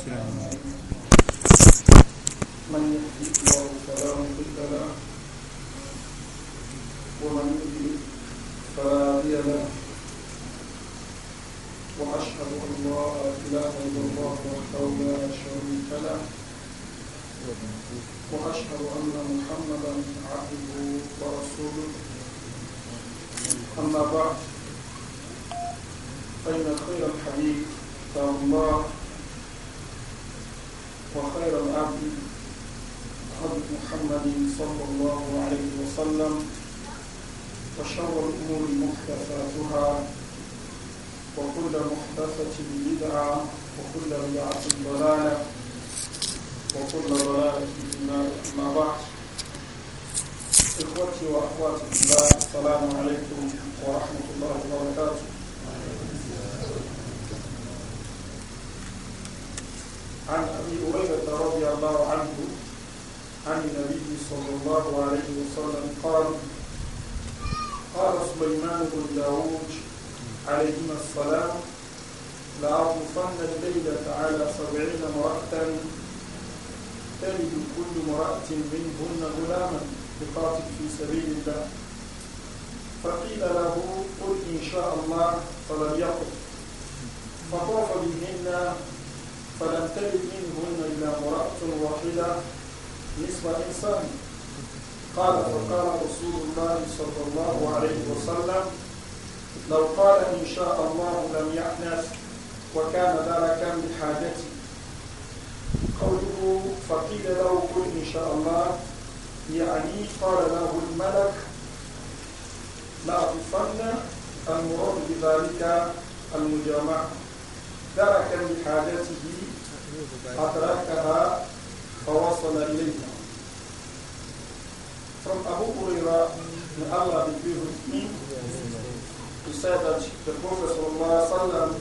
من يهدي الله فلا مضل ومن يضلل فلا واشهد ان لا اله الا الله وحده لا شريك له واشهد ان محمدا عبده ورسوله اما بعد فان خير الحديث كتاب الله وخير الأرض هدي محمد صلى الله عليه وسلم وشر الأمور محدثاتها وكل محدثة بدعة وكل بدعة ضلالة وكل ضلالة في النار أما بعد إخوتي وأخواتي الله السلام عليكم ورحمة الله وبركاته عن أبي هريرة رضي الله عنه عن النبي صلى الله عليه وسلم قال قال سليمان بن داوود عليهما السلام لأطوفن الليلة على سبعين امرأة تلد كل امرأة منهن غلاما يقاتل في سبيل الله فقيل له قل إن شاء الله فلم يقل فطاف بهن فلم تجد منهن إلا امرأة واحدة نصف إنسان قال فقال رسول الله صلى الله عليه وسلم لو قال إن شاء الله لم يحنث وكان ذلك بحاجتي قوله فقيل له قل إن شاء الله يعني قال له الملك لأطفن المراد بذلك المجامعة دركا لحاجته أدركها فوصل إليها From Abu Huraira, may Allah be with him, he said that the Prophet ﷺ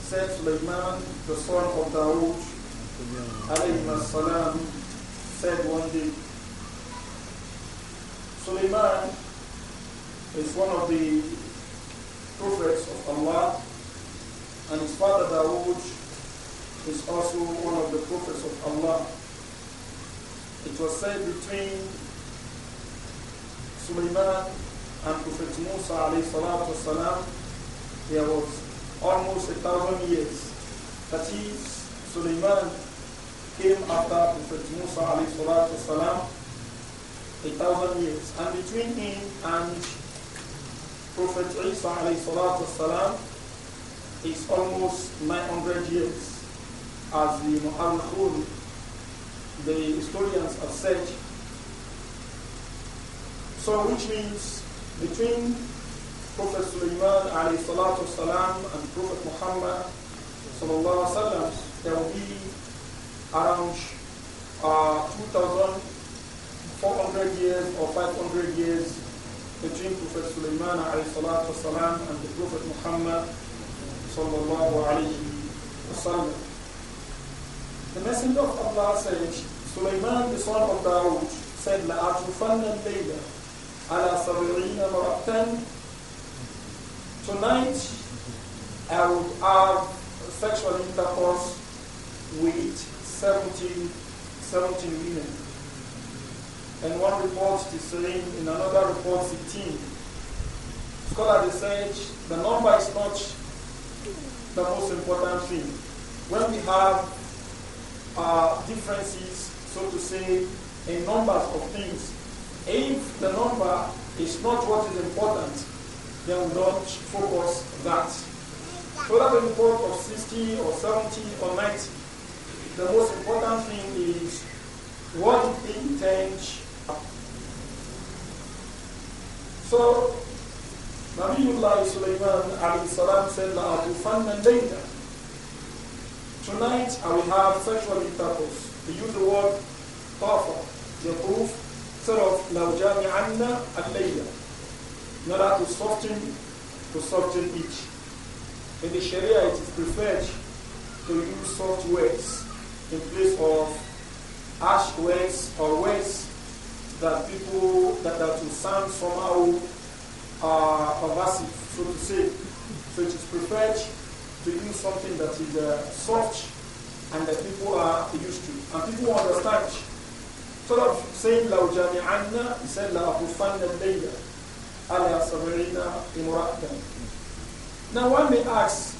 said Sulaiman, the son of Dawood, alayhi salam, said one day, Sulaiman is one of the prophets of Allah, and his father Dawood is also one of the prophets of Allah. It was said between Suleiman and Prophet Musa والسلام, there was almost a thousand years. That is, Suleiman came after Prophet Musa والسلام, a thousand years. And between him and Prophet Isa والسلام, is almost 900 years as the Mu'arrikh the historians have said. So which means between Prophet Sulaiman alayhi salatu salam and Prophet Muhammad sallallahu wasallam, there will be around uh, 2,400 years or 500 years between Prophet Sulaiman alayhi salatu salam and the Prophet Muhammad sallallahu alayhi wasallam. The Messenger of Allah said, Sulaiman, the son of Dawood, said, لَأَعْطُفَنَّ اللَّيْلَ عَلَى سَبْعِينَ مَرَأْتًا Tonight, I would have sexual intercourse with 17, 70 women. And one report is saying, in another report, 16. Scholar research, the number is not the most important thing. When we have uh, differences, so to say, in numbers of things. If the number is not what is important, then we don't focus that. For that the report of 60 or 70 or 90, the most important thing is what intent. So Nabiullah Sulaiman alayhi salam said, La atufanna later. Tonight I will have sexual intercourse. We use the word sort of, laujami anna al-layla, in order to soften to soften each. In the Sharia it is preferred to use soft words in place of harsh words or words that people that, that will sound somehow uh, pervasive, so to say. So it is preferred to use something that is uh, soft and that people are used to. And people understand. Sort of saying, لو جامعنا, he said, لأطفن الليل على سبعين امرأة. Now one may ask,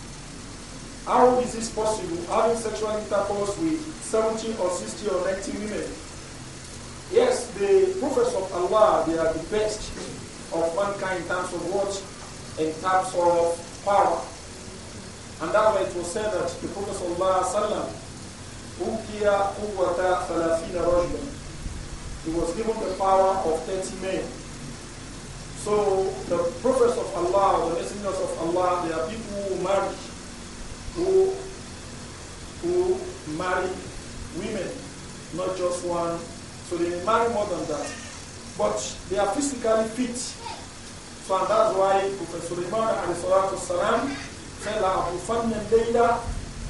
how is this possible, having sexual intercourse with 70 or 60 or 90 women? Yes, the prophets of Allah, they are the best of mankind in terms of what? In terms of power. And however, it was said that the Prophet ﷺ, Ukiya Uwata Salafina he was given the power of 30 men. So the prophets of Allah, the messengers of Allah, they are people who marry, who, who marry women, not just one. So they marry more than that. But they are physically fit. So and that's why Prophet Sulaiman, alayhi salatu فلأقصن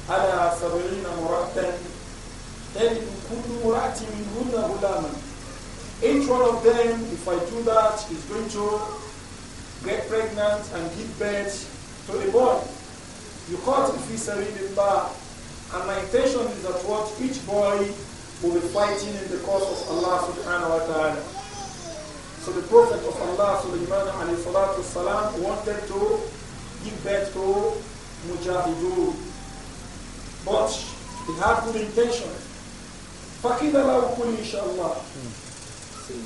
على سبعين كل مرأة منهن غلاما Each one of them, if I do that, is going to get pregnant and give birth to a boy. You caught And my intention is that what each boy will be fighting in the cause of Allah subhanahu wa ta'ala. So the Prophet of Allah Sulaiman alayhi salatu salam wanted to referred to mujahidun. But they had good intention. فَقِيلَ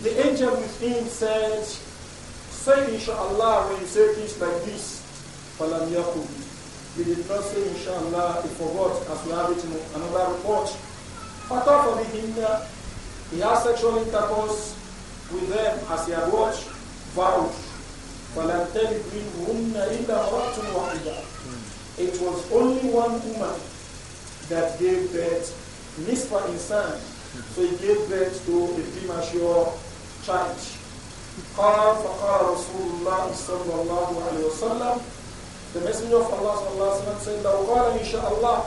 The angel within said, say inshallah when you say things like this. فَلَمْ He did not say inshallah, he forgot as we have it in another report. فَطَفَ بِهِنَّ He had sexual intercourse with them as he had watched, vowed. فَلَمْ تَلِدْ مِنْهُنَّ إِلَّا رَأْتٌ وَحِدًا It was only one woman that gave birth, Mr. Insan, so he gave birth to a premature child. قال فقال رسول الله صلى الله عليه وسلم The Messenger of Allah صلى الله عليه وسلم said لو قال إن شاء الله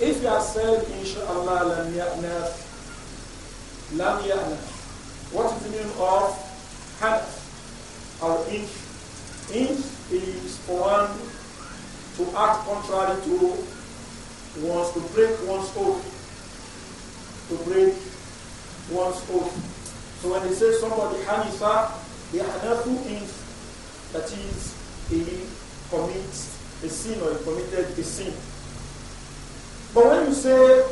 If you have said إن شاء الله لم يأنف لم يأنف What is the meaning of حدث or inch if is one to act contrary to wants to break one's oath, to break one's oath. So when they say somebody Hanifa, the Hanafu things that is he commits a sin or he committed a sin. But when you say,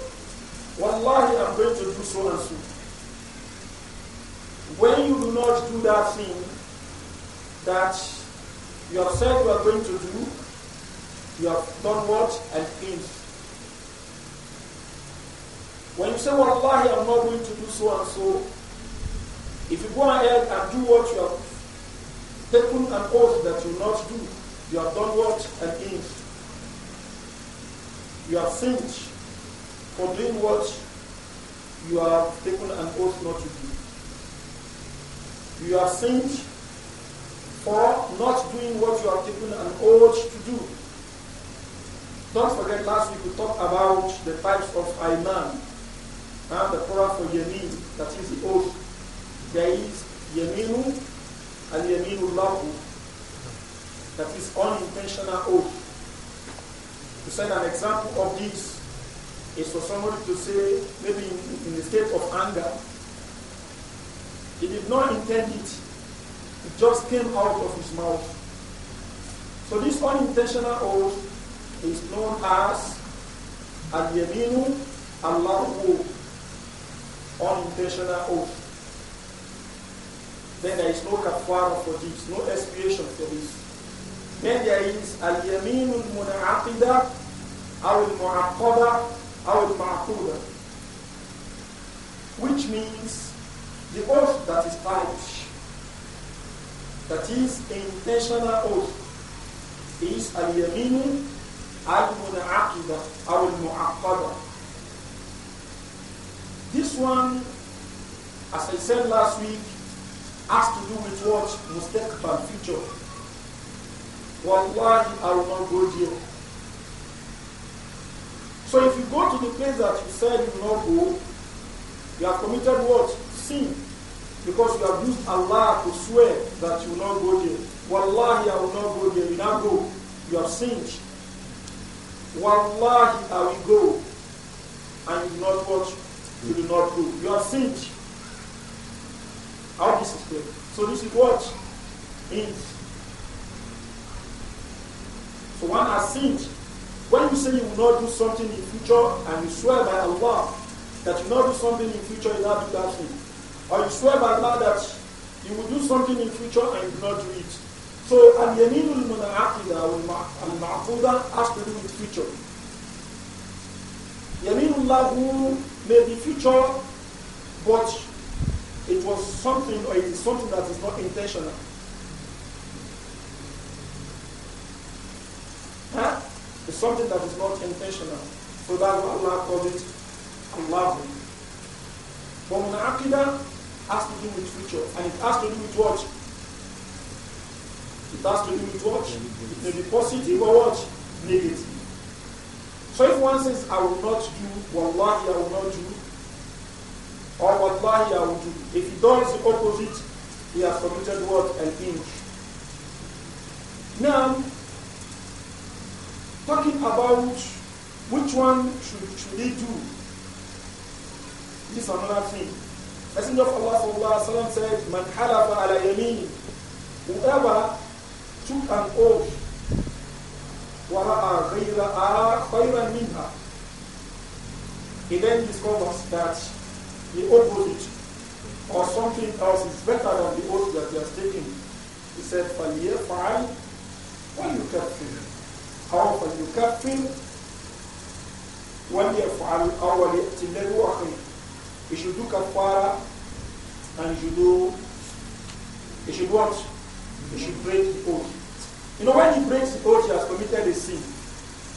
Wallahi, I'm going to do so and so, when you do not do that thing that you have said you are going to do, you have done what and is. When you say, well, Allah, I'm not going to do so and so, if you go ahead and do what you have taken an oath that you will not do, you have done what and is. You have sinned for doing what you have taken an oath not to do. You have sinned or not doing what you are taken an oath to do. Don't forget last week we talked about the types of Iman, and the Quran for Yamin, that is the oath. There is Yaminu and Yaminullahu, that is unintentional oath. To send an example of this is for somebody to say, maybe in, in the state of anger, he did not intend it, it just came out of his mouth. So this unintentional oath is known as al-yaminu al-larhu, unintentional oath. Then there is no kafara for this, no expiation for this. Then there is al-yaminu al-munaqida, al muaqqada al maquda which means the oath that is typed that is intentional oath. Is al-yaminu al-munaqida or al-mu'aqqada. This one, as I said last week, has to do with what? Mustaqbal, future. Wallahi, I will not go there. So if you go to the place that you said you will not go, you have committed what? Sin because you have used Allah to swear that you will not go there. Wallahi, I will not go there. You now go. You have sinned. Wallahi, I will go. And you do not watch. You do not go. You have sinned. How this is clear. So this is what? Is. So one has sinned. When you say you will not do something in future and you swear by Allah that you will not do something in future, you have to do that thing. Or you swear by Allah that you will do something in future and you do not do it. So al-yamin al-munaqida al-ma'quda has to do with future. Yaminullahu may be future, but it was something or it is something that is not intentional. Huh? It's something that is not intentional. So that's what Allah calls it Allah. But munaqida has to do with future. And it has to do with what? It has to do with what? It may be positive or what? Negative. So if one says, I will not do, "Allah, I will not do, or Allah, I will do, if he does the opposite, he has committed what? An inch. Now, talking about which one should, should he do, this is another thing. Messenger of Allah sallallahu said, "Man halafa ala yamin." Whoever took an oath, وَرَأَى غَيْرَهَا خَيْرًا مِنْهَا He then discovers that the opposite or something else is better than the oath that he has taken. He said, you, kept him, فَلْيَفْعَلْ وَلْيُكَفِّرْ أو فليكفر وليفعل أو وليأتي الذي هو خير he should do kafara and he should do, he should what? He should break the oath. You know, when he breaks the oath, he has committed a sin.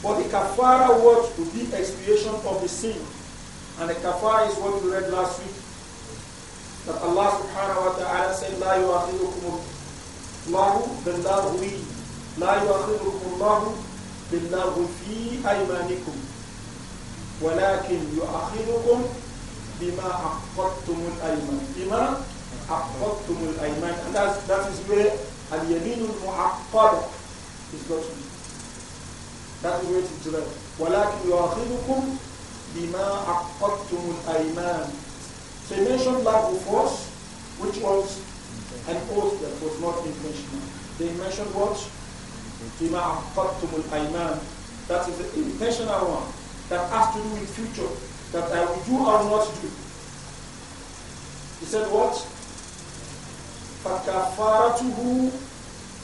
But the kafara what would be expiation of the sin. And the kafara is what we read last week. That Allah subhanahu wa ta'ala said, La yu'akhidukum Allahu billaghwi. La yu'akhidukum Allahu billaghwi fi aymanikum. ولكن يؤخركم بِمَا aqadtumul الْأِيمَانِ بِمَا aqadtumul الْأِيمَانِ And that's, that is where al-yaminul muaqqada is got to be. That is where it is derived. وَلَكِنْ يُؤَخِذُكُمْ بِمَا أَقَّدْتُمُ الْأَيْمَانِ So he mentioned lack of force, which was an oath that was not intentional. They mentioned what? بِمَا أَقَّدْتُمُ الْأَيْمَانِ That is the intentional one that has to do with future that I will do or not do. He said what? فَكَفَارَتُهُ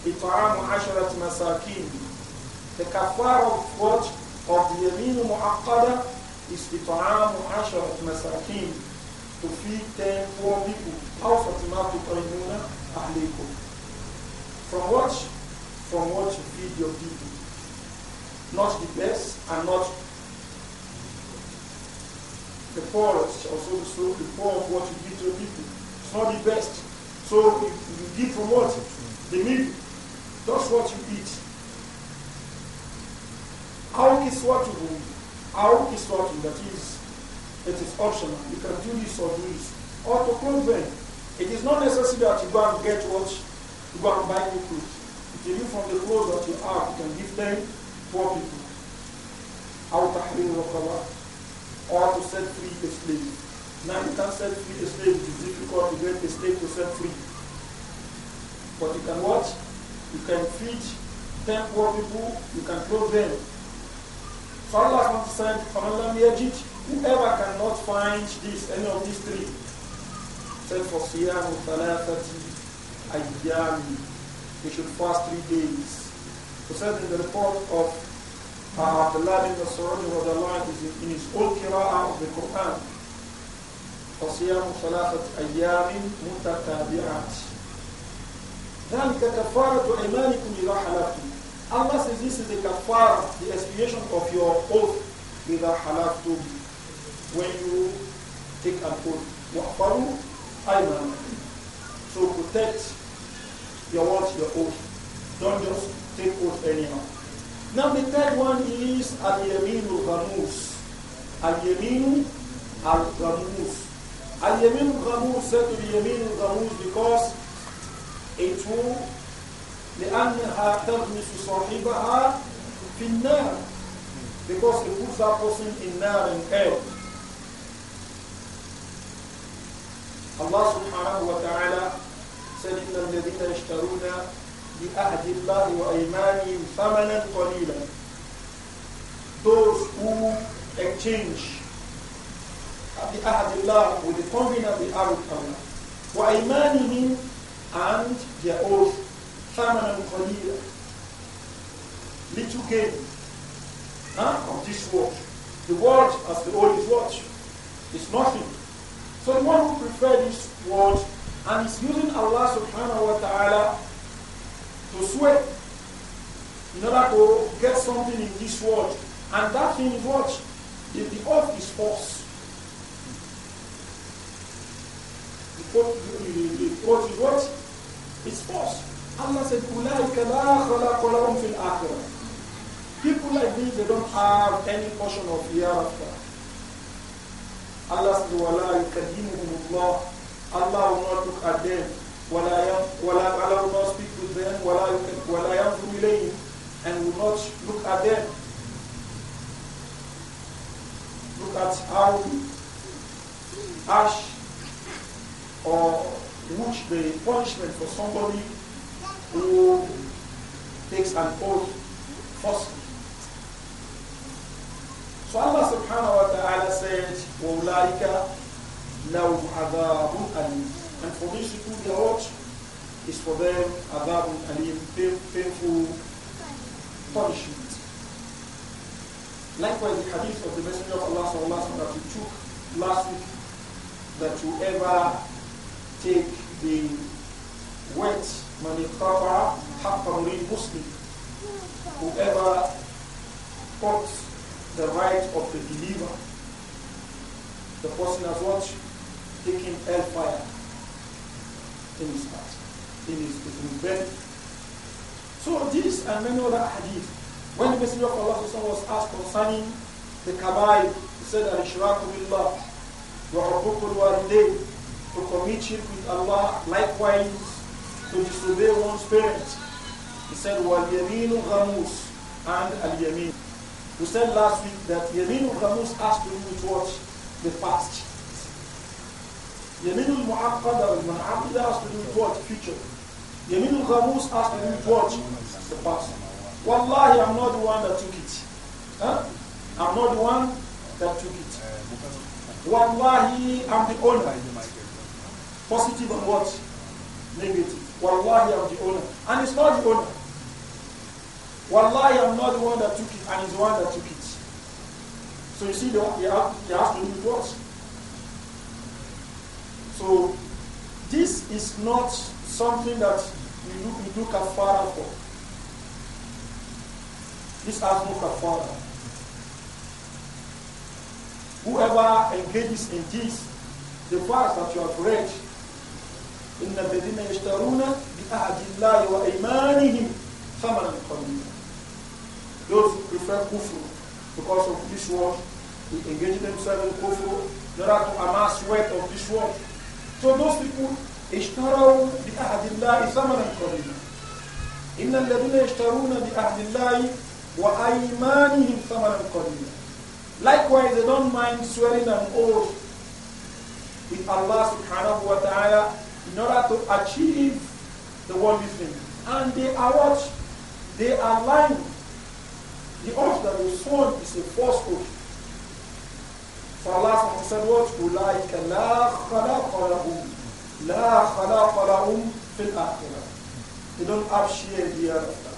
إِطْعَامُ عَشَرَةِ مَسَاكِينِ The kafara of what? Of the yamin mu'aqqada is إِطْعَامُ عَشَرَةِ مَسَاكِينِ To feed 10 poor people. the أو فَتِمَا تُطَعِمُونَ أَهْلِكُمْ From what? From what you feed your people. Not the best and not the poorest, also so the poor of what you give to the people. It's not the best. So you, you give from what? The need. That's what you eat. How is what you do? How is what you that is it is optional. You can do this or do this. Or to prove them. It is not necessary that you go and get what you go and buy new clothes. If you from the clothes that you have, you can give them poor people. Out tahrir wa or to set free a slave. Now you can set free a slave, it is difficult to get a slave to set free. But you can what? You can feed ten poor people, you can clothe them. So Allah said, whoever cannot find this, any of these three, said for Siyam Thalathati should fast three days. So said in the report of From Abdullah bin Mas'ud رضي الله عنه in his old qira'ah of the Quran فصيام ثلاثة أيام متتابعات ذلك كفارة أيمانكم إذا حلفتم Allah says this is the kafara, the expiation of your oath إذا حلفتم when you take an oath واحفظوا أيمانكم So protect your words, your oath. Don't just take oath anyhow. Now the third one is Al-Yaminu Ghamus. Al-Yaminu Al-Ghamus. Al-Yaminu Ghamus said to be Yaminu Ghamus because it will لأنها تغمس صاحبها في النار because it puts that person in nar and hell. Allah subhanahu wa ta'ala said إن الذين يشترون بعهد الله وأيمانهم ثمنا قليلا those who exchange بعهد الله with the covenant with Allah وأيمانهم and their oath ثمنا قليلا little gain huh, of this world the world as the old is what is nothing so the one who prefers this world and is using Allah subhanahu wa ta'ala to sweat in order to get something in this world. And that thing is what? If the earth is false. The earth is what? It's false. Allah said, أُولَٰئِكَ لَا خَلَقَ لَهُمْ فِي الْآخِرَةِ People like these, they don't have any portion of hereafter. Allah said, وَلَا يُكَلِّمُهُمُ اللَّهُ Allah will not look at them ولا ولا Allah will not speak to them ولا ولا ينظر إليهم and will not look at them look at how harsh or which the punishment for somebody who takes an oath falsely so Allah subhanahu wa ta'ala said وَأُولَٰئِكَ لَهُمْ عَذَابٌ أَلِيمٌ and for these people, their watch is for them a alim, painful punishment. Likewise, the hadith of the Messenger of Allah sallallahu that we took last week, that whoever take the wet manikaba haqqamri muslim, whoever puts the right of the believer, the person has what? Taking hellfire things that it is, it is bad. So these and many other hadith. When the Messenger of Allah was asked concerning the kabai, he said, Al-Shiraku billah, wa walidayn, to commit shirk with Allah, likewise to disobey one's parents. He said, Wal-Yaminu ghamus, and Al-Yamin. We said last week that Yaminu ghamus has to do with what? The past. Yaminul mu'aqqada al-mun'aqida has to do with what? Future. Yaminul ghamus has to do with what? The past. Wallahi, I'm not the one that took it. Huh? I'm not the one that took it. Wallahi, I'm the owner. Positive and what? Negative. Wallahi, I'm the owner. And it's not the owner. Wallahi, I'm not the one that took it, and he's the one that took it. So you see, the, you, have, you have to do with what? So this is not something that we look we at kafara for. This has no kafara. Whoever engages in this, the verse that you have read, إن Those who prefer kufr because of this world, they engage themselves in kufr, in order to amass wealth of this world, فدول اشتروا بعهد الله ثمنا قليلا إن الذين يشترون بعهد الله وأيمانهم ثمنا قليلا Likewise, they don't mind swearing an oath with Allah subhanahu wa ta'ala in order to achieve the worldly thing. And they are what? They are lying. The oath that was sworn is a false oath. For Allah said what? أُولَٰئِكَ لَا خَلَقَ لَهُمْ لَا خَلَقَ لَهُمْ فِي الْآخِرَةِ They don't have share hereafter.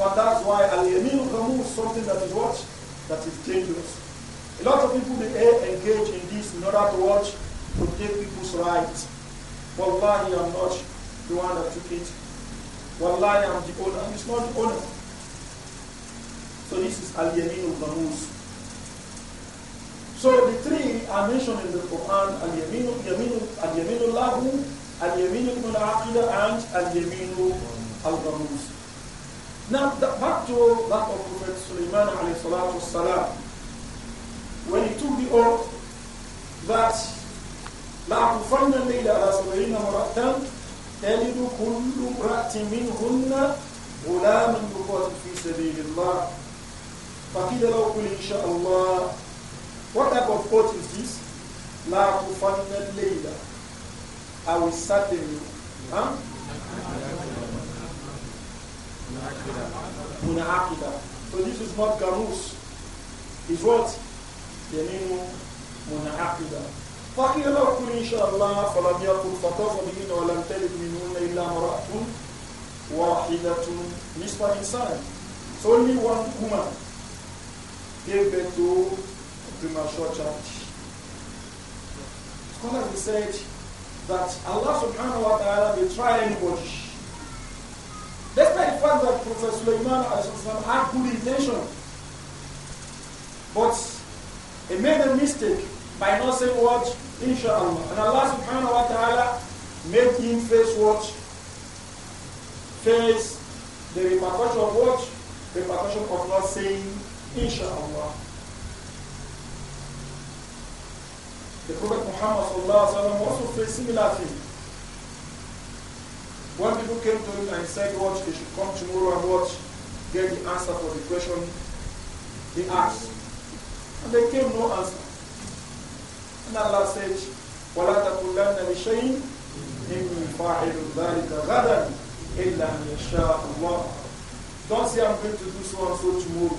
So that's why al-yamin removes something that is what? That is dangerous. A lot of people they engage in this in order to watch to take people's rights. Wallahi, I'm not the one that took it. Wallahi, I'm the owner. And it's not the owner. So this is al-yamin ghamus. So the three are mentioned in the Quran Al-Yaminu, Yaminu, Al-Yaminu Lahu, Al-Yaminu Ibn Aqidah, and Al-Yaminu Al-Ghamuz. Now, the, back to that of Prophet Sulaiman alayhi salam, when he took the oath that لَأَقُفَنَّ اللَّيْلَ عَلَى سَبْعِينَ مُرَأَةً تَلِدُ كُلُّ امْرَأَةٍ مِّنْهُنَّ غُلَامًا يُقَاتِلُ فِي سَبِيلِ اللَّهِ فَقِيلَ لَهُ قُلْ إِنْ شَاءَ اللَّهُ what type of oath is this? La tufanna layla. I will certainly. Huh? Munaqida. So this is not Garus. It's what? the name فقيل له قل inshallah, شاء الله فلم يقل فطاف بهن ولم تلد منهن So only one woman gave birth to premature Scholars have said that Allah subhanahu wa ta'ala will try anybody. Despite the fact that Prophet Sulaiman had good intention, but he made a mistake by not saying what? Insha'Allah. And Allah subhanahu wa ta'ala made him face what? Face the repercussion of what? Repercussion of not saying Insha'Allah. The Prophet Muhammad sallam, also faced similar thing. When people came to him and said "Watch, they should come tomorrow and watch, get the answer for the question they asked. And they came no answer. And Allah said, وَلَا تَقُلَّنَّ لِشَيْءٍ إِنِّي فَاعِلٌ ذَلِكَ غَدًا إِلَّا أَنْ يَشَاءَ اللَّهُ Don't say I'm going to do so and so tomorrow,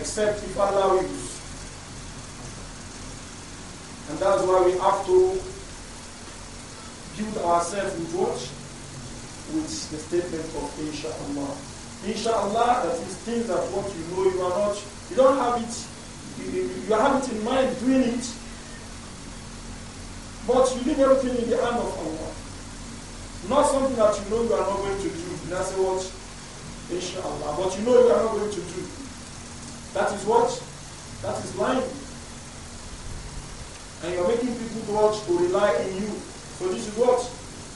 except if Allah wills. And that's why we have to build ourselves with what? With the statement of inshallah. Inshallah, that is things that what you know you are not, you don't have it, you, you have it in mind doing it, but you leave everything in the hand of Allah. Not something that you know you are not going to do. That's what? Inshallah. But you know you are not going to do. That is what? That is lying and you're making people to watch to rely on you. So this is what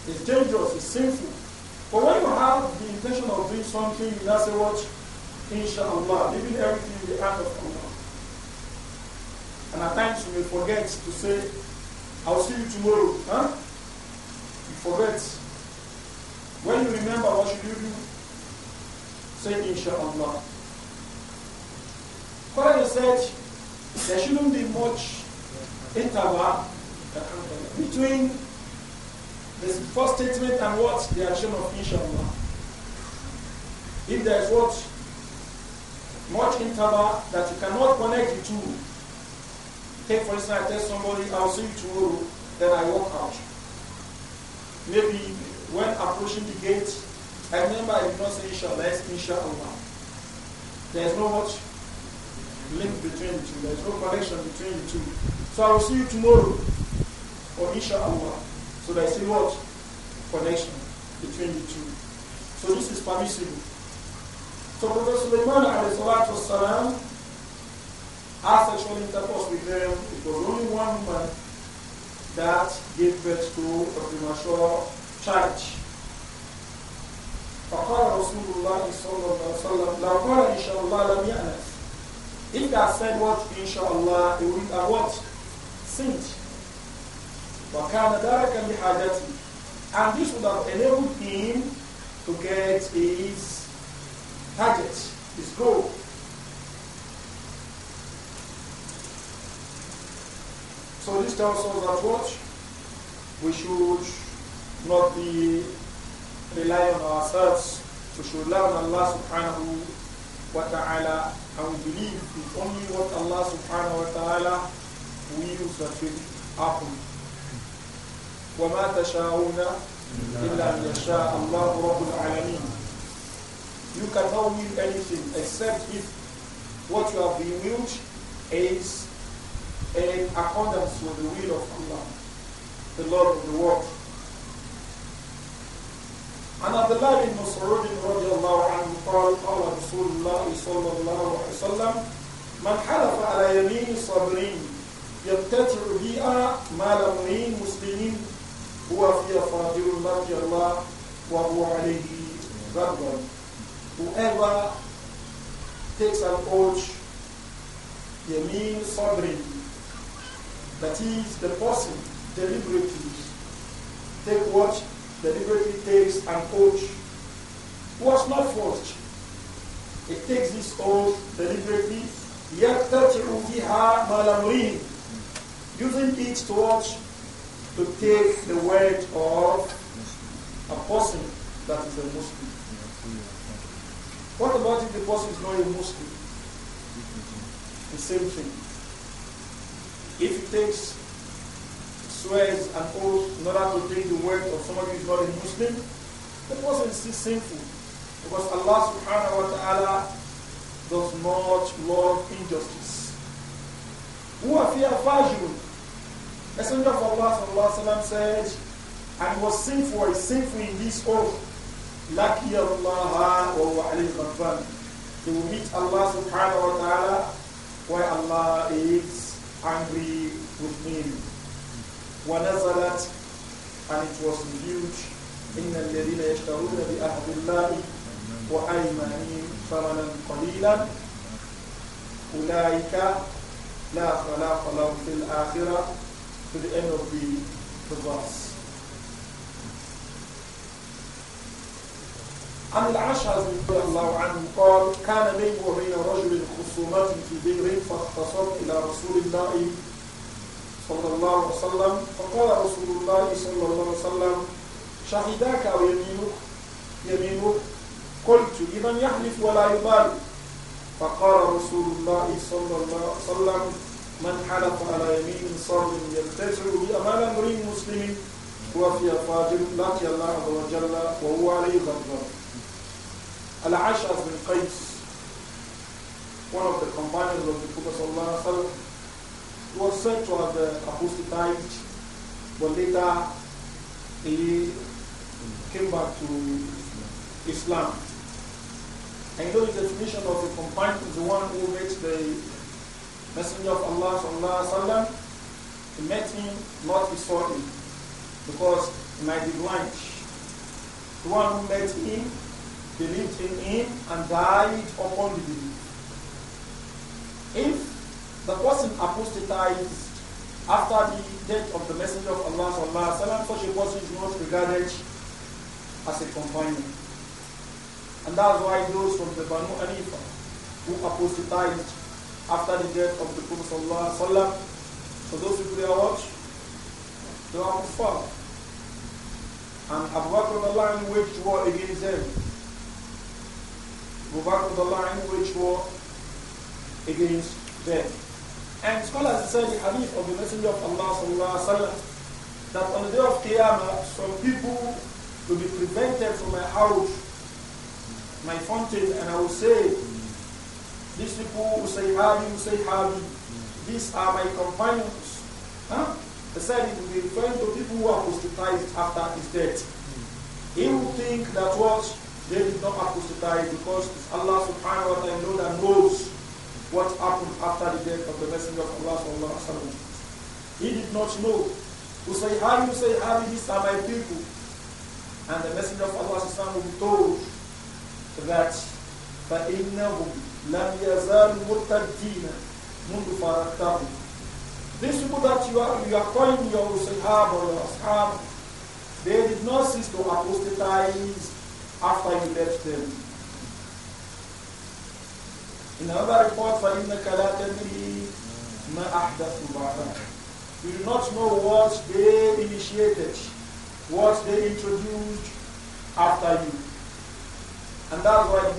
is dangerous, it's sinful. But when you have the intention of doing something, you must say what? Inshallah, leaving everything in the hand of Allah. And at times you may forget to say, I'll see you tomorrow. Huh? You forget. When you remember, what should you do? Say, Inshallah. Quran said, there shouldn't be much interval between the first statement and what the action of inshallah. If there is what much interval that you cannot connect the two, take for instance, I tell somebody, I'll see you tomorrow, then I walk out. Maybe when approaching the gate, I remember I did not say inshallah, inshallah. There is no much link between the two, there is no connection between the two. So I will see you tomorrow. Or inshallah. So there is a what? Connection between the two. So this is permissible. So Prophet Sulaiman والسلام, had sexual intercourse with them. It was only one woman that gave birth to a premature child. فقال رسول الله صلى الله عليه وسلم لو قال إن شاء الله لم يأنس. If that said what, inshallah, it would have what? sins. وَكَانَ دَرَكًا بِحَاجَتِهِ And this would have enabled him to get his target, his goal. So this tells us that what we should not be rely on ourselves. We should learn Allah subhanahu wa ta'ala and believe in only what Allah subhanahu wa ta'ala وَمَا تَشَاءُونَ إِلَّا أَنْ يَشَاءَ اللَّهُ رَبُّ الْعَالَمِينَ You cannot will anything except if what you have been willed is in accordance with the will of Allah, the Lord of the world. And عبد الله بن قال قال رسول الله صلى الله عليه وسلم من حلف على يمين صبرين يقتطع بها مال امرئ مسلم هو فيها فاجر مرجع الله وهو عليه غضب whoever takes an oath mean sovereign. that is the person deliberately take what deliberately takes an oath was not forced it takes this oath deliberately يقتطع بها مال امرئ using it to watch, to take the word of a person that is a Muslim. What about if the person is not a Muslim? The same thing. If he takes swears and oath in order to take the word of somebody who is not a Muslim, the person is still sinful. Because Allah subhanahu wa ta'ala does not love injustice. Who are fear fajrun? Messenger of Allah وسلم, said, and was sinful, is sinful in this oath. لَكِيَ اللَّهَ وَهُوَ عَلَيْهِ غَضْبَانِ He will meet Allah subhanahu wa ta'ala where Allah is angry with him. وَنَزَلَتْ And it was revealed إِنَّ الَّذِينَ يَشْتَرُونَ بِأَهْدِ اللَّهِ وَأَيْمَانِهِمْ ثَمَنًا قَلِيلًا أُولَئِكَ لَا خَلَاقَ لَهُمْ فِي الْآخِرَةِ to the end of the, the verse. عن العشاء رضي الله عنه قال كان بيني وبين رجل خصومات في بئر فاختصرت إلى رسول الله صلى الله عليه وسلم فقال رسول الله صلى الله عليه وسلم شهداك أو يمينك يمينك قلت لمن يحلف ولا يبالي فقال رسول الله صلى الله عليه وسلم من حلف على يمين صرب امرئ مسلم فاجر لقي الله عز وجل وهو عليه بن قيس one of the companions of the Prophet الله عليه وسلم was said to have uh, apostatized but later he came back to Islam and you know the definition of a companion is the one who makes the Messenger of Allah sallallahu to met him not before him, because he might be blind. The one who met him believed in him and died upon the belief. If the person apostatized after the death of the Messenger of Allah sallallahu alaihi wasallam, such a person is not regarded as a companion. And that's why those from the Banu Anifa who apostatized after the death of the Prophet Sallallahu Alaihi Wasallam. So those people they are what? They are kuffar. And Abu Bakr Allah waged war against them. Abu Bakr Allah waged war against them. And scholars say the hadith of the Messenger of Allah Sallallahu Alaihi Wasallam that on the day of Qiyamah some people will be prevented from my house, my fountain, and I will say this people will say Hadi, will say Hadi. These are my companions. Huh? They said it will be referring to people who are apostatized after his death. He will think that what they did not apostatize because it's Allah subhanahu wa ta'ala that knows what happened after the death of the Messenger of Allah sallallahu alaihi wasallam. He did not know. Who say, how you say, how these are my people? And the Messenger of Allah sallallahu alaihi wasallam will be told that فَإِنَّهُمْ لم يزال مرتدين منذ فارقتهم people that you are, you are calling your Sahab or your Ashab, they did not cease to apostatize after you left them. In another report, فَإِنَّكَ لَا تَدْرِي مَا أَحْدَثُ You do not know what they initiated, what they introduced after you. And that's why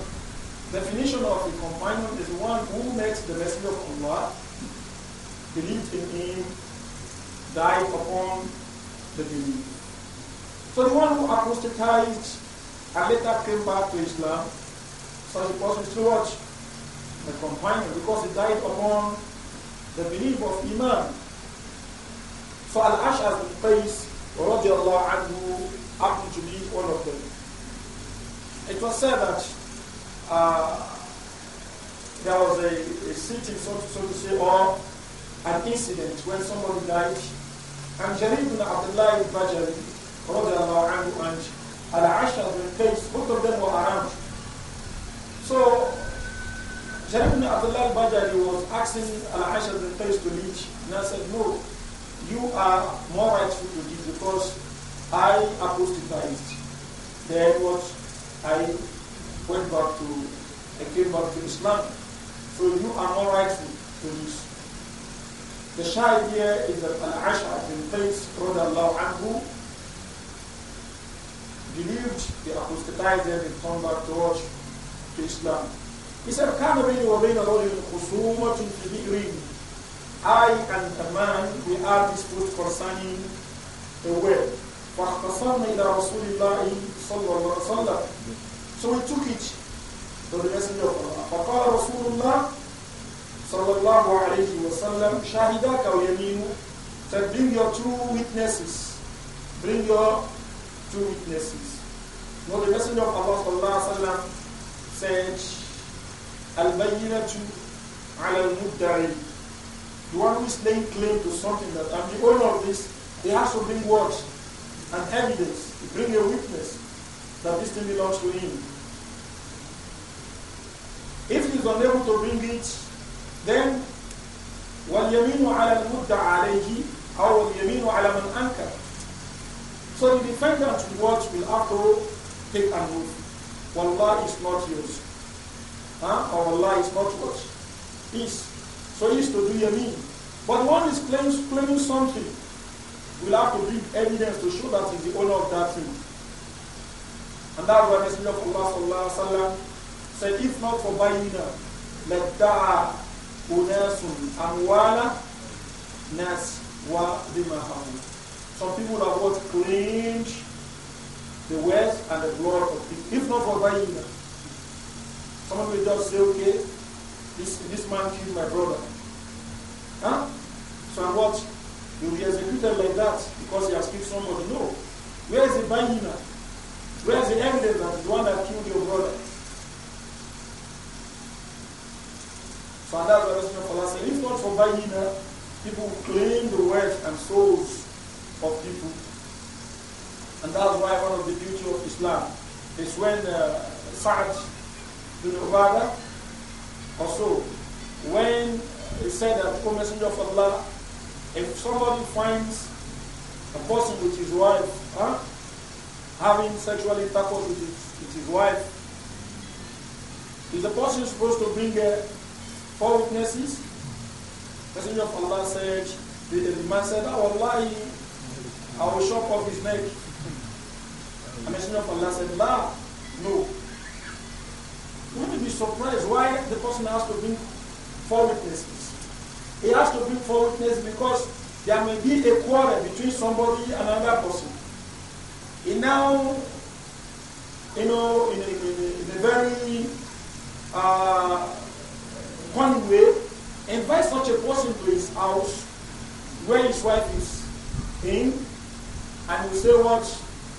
definition of a companion is one who makes the message of Allah, believed in him, died upon the belief. So the one who apostatized and later came back to Islam, such a was is The companion, because he died upon the belief of Iman. So Al-Ash'ad al Allah radiallahu anhu, happened to be one of them. It was said that uh, there was a, a sitting, so to, so to say, or an incident when somebody died. And Jarir ibn Abdullah ibn Bajari, anhu, and Al-Asha ibn Qais, both of them were around. So Jarir ibn Abdullah al-Bajali was asking Al-Ashad the place to lead. And I said, no, you are more rightful to lead because I apostatized. Then what? I went back to and came back to Islam. So you are all right rightful to this. The shahid here is that Al-Ash'ar bin Qais anhu believed the apostatized and turned back to watch to Islam. He said, كان بيني وبين رجل خصومة في بئر I and a man, we are disputed concerning a well. فاختصرنا إلى رسول الله صلى الله عليه وسلم so we took it to the Messenger of Allah. فقال رسول الله صلى الله عليه وسلم شهدك ويمين said bring your two witnesses. Bring your two witnesses. Now the Messenger of Allah sallallahu الله عليه وسلم said البينة على المدعي The one who is laying claim to something that and am the owner of this, they have to bring words and evidence. Bring a witness that this thing belongs to him. If he is unable to bring it, then واليمين على المدعى عليه أو اليمين على من أنكر. So the defendant watch will after all take and move. Wallah is not yours. Huh? Or Allah is not yours. Peace. So is to do yameen. But one is claims, claiming something we will have to bring evidence to show that he's the owner of that thing. And that's why Messenger of Allah sallallahu alayhi wa said, if not for Bayina, لَدَّعَى amwala, nas wa وَدِمَهَمُ Some people have what claimed the wealth and the glory of people. If not for Bayina, someone will just say, okay, this, this man killed my brother. Huh? So I'm what? You'll be executed like that because he has killed somebody. No. Where is the Bayina? Where's the evidence that the one that killed your brother? Father, that's what Allah said. If not for Bayina, people claim the wealth and souls of people. And that's why one of the beauty of Islam is when uh, Sa'd bin Ubadah also, when he said that, O Messenger of Allah, if somebody finds a person with his wife, huh? having sexual intercourse with his, with his wife. Is the person supposed to bring uh, four witnesses? Messenger of Allah said, the, the man said, oh, ah, Allah, I will chop off his neck. The Messenger of Allah said, La, no. Wouldn't be surprised why the person has to bring four witnesses. He has to bring four witnesses because there may be a quarrel between somebody and another person. In now, you know, in a, in a very uh, cunning way, invites such a person to his house where his wife is in, and will say what?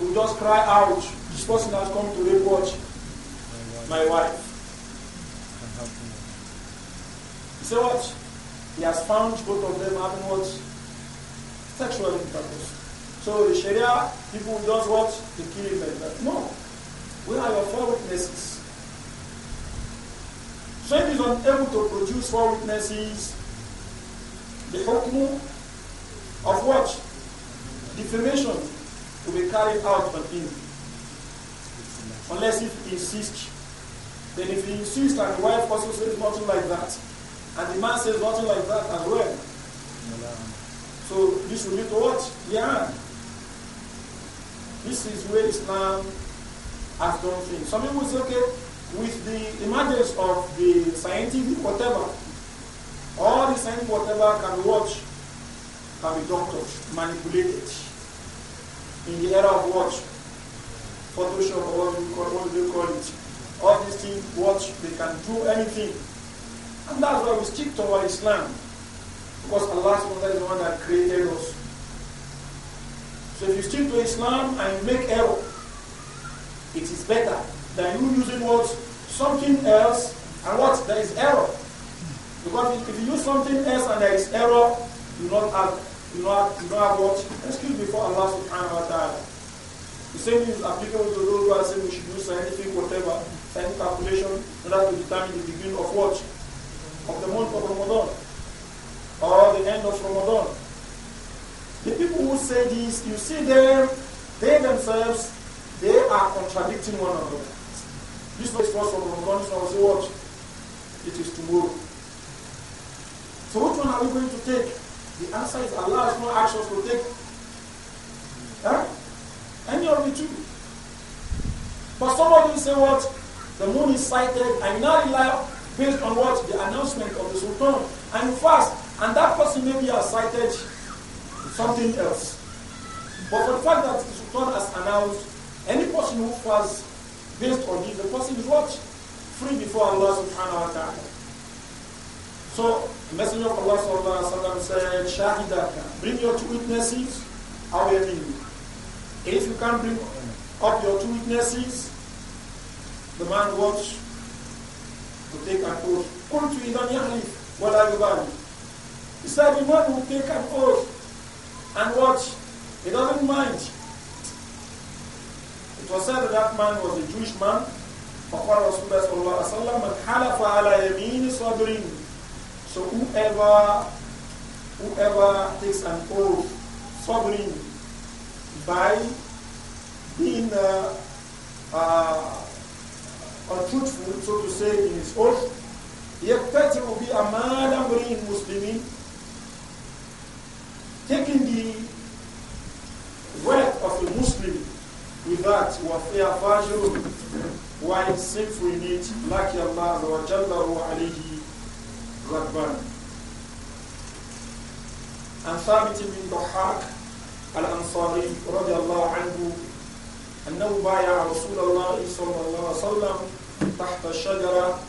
Will just cry out, this person has come to rape My wife. You say what? He has found both of them having what? Sexual intercourse. So the Sharia, people just what? They kill it But No. Where are your four witnesses? Sheikh is unable to produce four witnesses. The hukm of what? Defamation will be carried out on him. Unless he insists. Then if he insists and the wife also says nothing like that, and the man says nothing like that as well. So this will lead to what? Yeah. This is where Islam has done things. Some people say, okay, with the emergence of the scientific whatever, all the scientific whatever can watch, can be doctored, manipulated. In the era of watch, Photoshop or what, call, what do they call it, all these things, watch, they can do anything. And that's why we stick to our Islam. Because Allah is the one that created us. So if you stick to Islam and make error, it is better than you using what something else and what there is error. Because if you use something else and there is error, you not have you not you not have what excuse for Allah subhanahu wa ta'ala. The same is applicable to those who are saying we should use scientific whatever, scientific calculation in order to determine the beginning of what? Of the month of Ramadan. Or the end of Ramadan. The people who say this, you see them, they themselves, they are contradicting one another. This is first from Ramadan, so i say what? It is tomorrow. So which one are we going to take? The answer is Allah has no actions to take. Huh? Any of the two. But somebody will say what? The moon is sighted. I now rely based on what? The announcement of the Sultan. And fast. And that person may be sighted something else. But for the fact that the Sultan has announced, any person who was based on this, the person is what? Free before Allah subhanahu wa ta'ala. So the Messenger of Allah sallallahu alayhi wa sallam said, Shahidaka, bring your two witnesses, I will leave you. If you can't bring up your two witnesses, the man was to take an oath. Kuntu idan yahlif wala you He said, the man will take an oath and what? He doesn't mind. It was said that that man was a Jewish man. فقال رسول الله صلى الله عليه وسلم من حلف على يمين صبر so whoever whoever takes an oath sovereign by being uh, uh, untruthful so to say in his oath يقتتل بأمان امرئ مسلم taking the wealth of a Muslim with that وَفِيَ فَاجِرٌ while sinful in it لَكِ اللَّهُ وَجَلَّهُ عَلَيْهِ غَضْبًا عن ثابت بن ضحاك الأنصاري رضي الله عنه أنه بايع رسول الله صلى الله عليه وسلم تحت الشجرة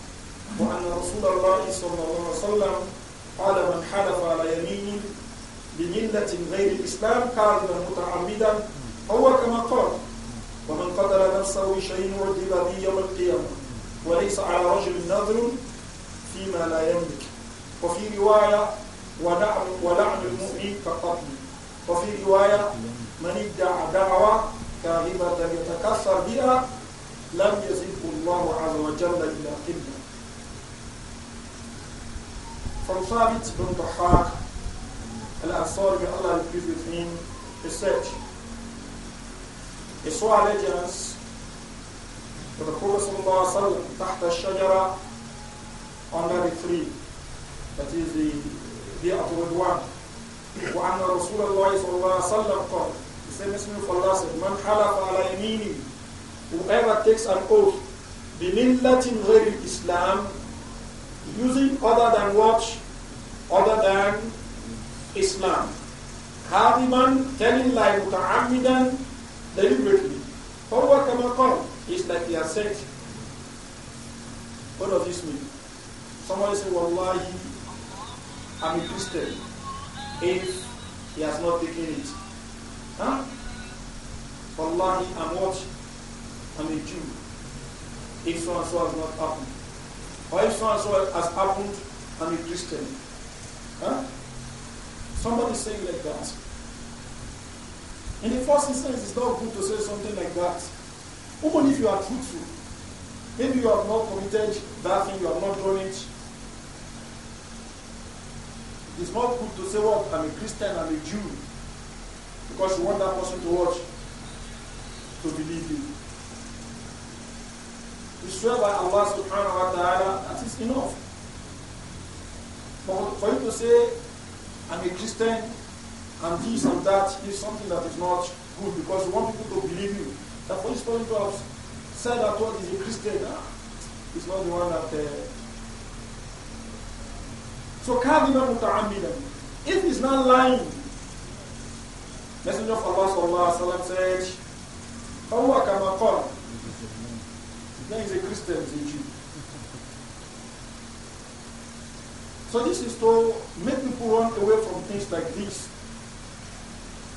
وأن رسول الله صلى الله عليه وسلم قال من حلف على يمين بملة غير الإسلام كاذبا متعمدا هو كما قال ومن قتل نفسه شيء عذب به يوم القيامة وليس على رجل نذر فيما لا يملك وفي رواية ولعن, ولعن المؤمن كقتل وفي رواية من ادعى دعوة كاذبة يتكسر بها لم يزده الله عز وجل إلى قلة. فالثابت بن ضحاك Al-Ansar, may Allah be pleased with him, he such. he saw allegiance to the Prophet Sallallahu تحت الشجرة under the tree, that is the Bi'at Ridwan. وأن رسول الله صلى الله عليه وسلم قال He said, Messenger of Allah said, من حلف على يميني Whoever takes an oath بملة غير الإسلام using other than what? Other than Islam. كاذبا telling lie متعمدا deliberately. فهو كما قال is like he has said. What does this mean? Someone say, Wallahi, I'm a Christian. If he has not taken it. Huh? Wallahi, I'm what? I'm a Jew. If so and so has not happened. Or if so and so has happened, I'm a Christian. Huh? Somebody saying like that. In the first instance, it's not good to say something like that. Even if you are truthful, maybe you have not committed that thing, you have not done it. It's not good to say, well, I'm a Christian, I'm a Jew, because you want that person to watch, to believe you. You swear by Allah subhanahu wa ta'ala, that is enough. But for you to say, I'm a Christian, and this and that is something that is not good because you want people to believe you. The for this person to have said that what is a Christian, huh? Ah, it's not the one that. Uh... So, Kadima Muta'amidan. If he's not lying, Messenger of Allah sallallahu alaihi wasallam. كما قال. Then he's a Christian, he's a Jew. So this is to make people run away from things like this.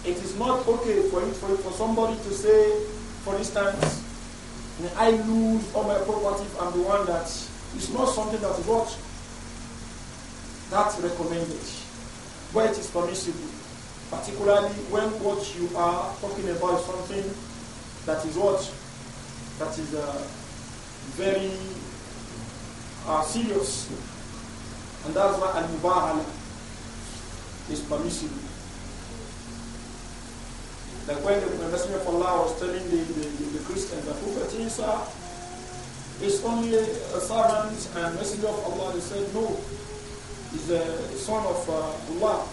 It is not okay for, it, for, for somebody to say, for instance, I lose all my property I'm the one that it's not something that is what that's recommended. Where it is permissible. Particularly when what you are talking about is something that is what that is uh, very uh, serious and that's why al-mubahala is permissible. Like when the Messenger of Allah was telling the, the, the, Christians that Prophet Isa is only a, servant and messenger of Allah, they said, no, he's a son of uh, Allah.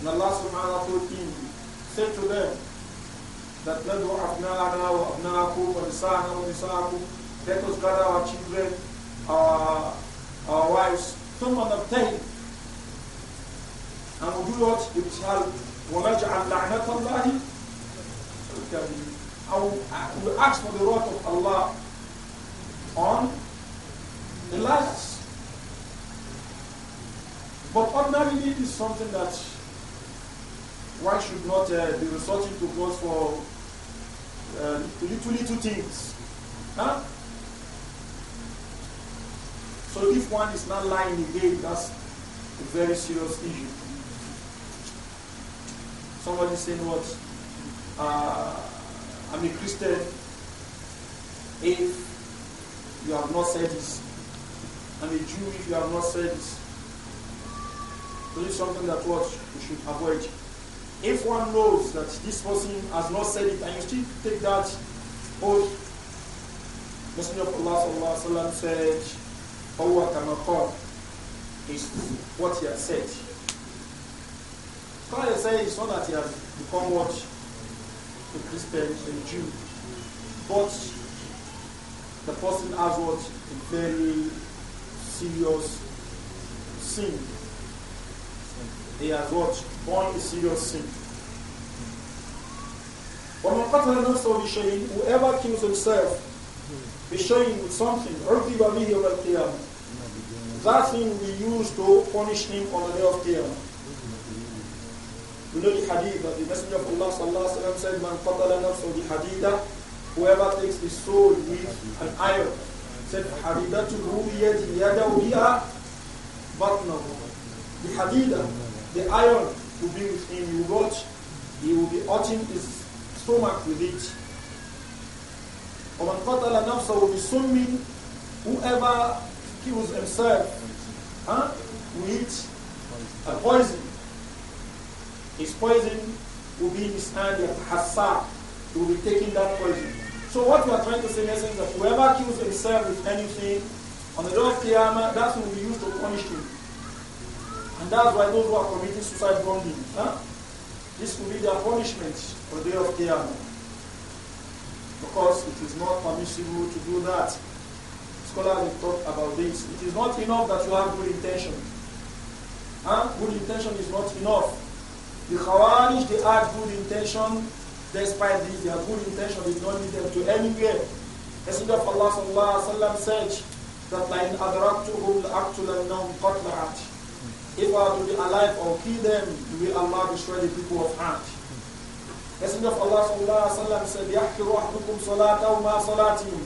And Allah subhanahu wa ta'ala said to them, that nadu abna'ana wa abna'akum wa nisa'ana wa nisa'akum, let us gather our children, our uh, our wives ثم نبتهل and we do what? Ibtihal. وَنَجْعَلْ لَعْنَةَ اللَّهِ we ask for the wrath of Allah on the liars. But ordinarily, it is something that one should not uh, be resorting to God for uh, little, little things. Huh? So if one is not lying again, that's a very serious issue. Somebody saying what? Uh, I'm a Christian. If you have not said this, I'm a Jew if you have not said this. This is something that what you should avoid. If one knows that this person has not said it and you still take that oath, Messenger of Allah sallallahu said, فهو كما قال is what he has said. Scholar say it's not that he has become what a Christian, a Jew, but the person has what a very serious sin. He has what born a serious sin. But my ومن قتل نفسه بشيء whoever kills himself be بشيء with something عذب video يوم القيامة that thing we use to punish him on the day of Qiyamah. You know the hadith that the Messenger of Allah sallallahu alayhi wa said, Man qatala nafsu bi hadidah, whoever takes his soul with an iron, said, hadidatuhu yadi yadaw biha batnahu. The hadidah, the iron will be with him, he will watch, he will be hurting his stomach with it. man ومن قتل نفسه بسم whoever he was himself huh, with a poison. His poison will be in his hand, Hassa. He will be taking that poison. So what we are trying to say is that whoever kills himself with anything, on the day of Qiyamah, that will be used to punish him. And that's why those who are committing suicide bombing, huh? this will be their punishment on the day of Qiyamah. Because it is not permissible to do that scholars have talked about this. It is not enough that you have good intention. Huh? Good intention is not enough. The Khawarij, they had good intention. Despite this, their good intention did not lead them to anywhere. Messenger of Allah sallallahu alayhi wa said that لَإِنْ أَدْرَكْتُهُمْ لَأَقْتُلَنَّهُمْ قَتْلَ عَدْ If I to be alive or kill them, will Allah destroy the people of Ad. Messenger of Allah sallallahu alayhi wa sallam said يَحْكِرُ أَحْدُكُمْ صَلَاتَهُ مَا صَلَاتِهِمْ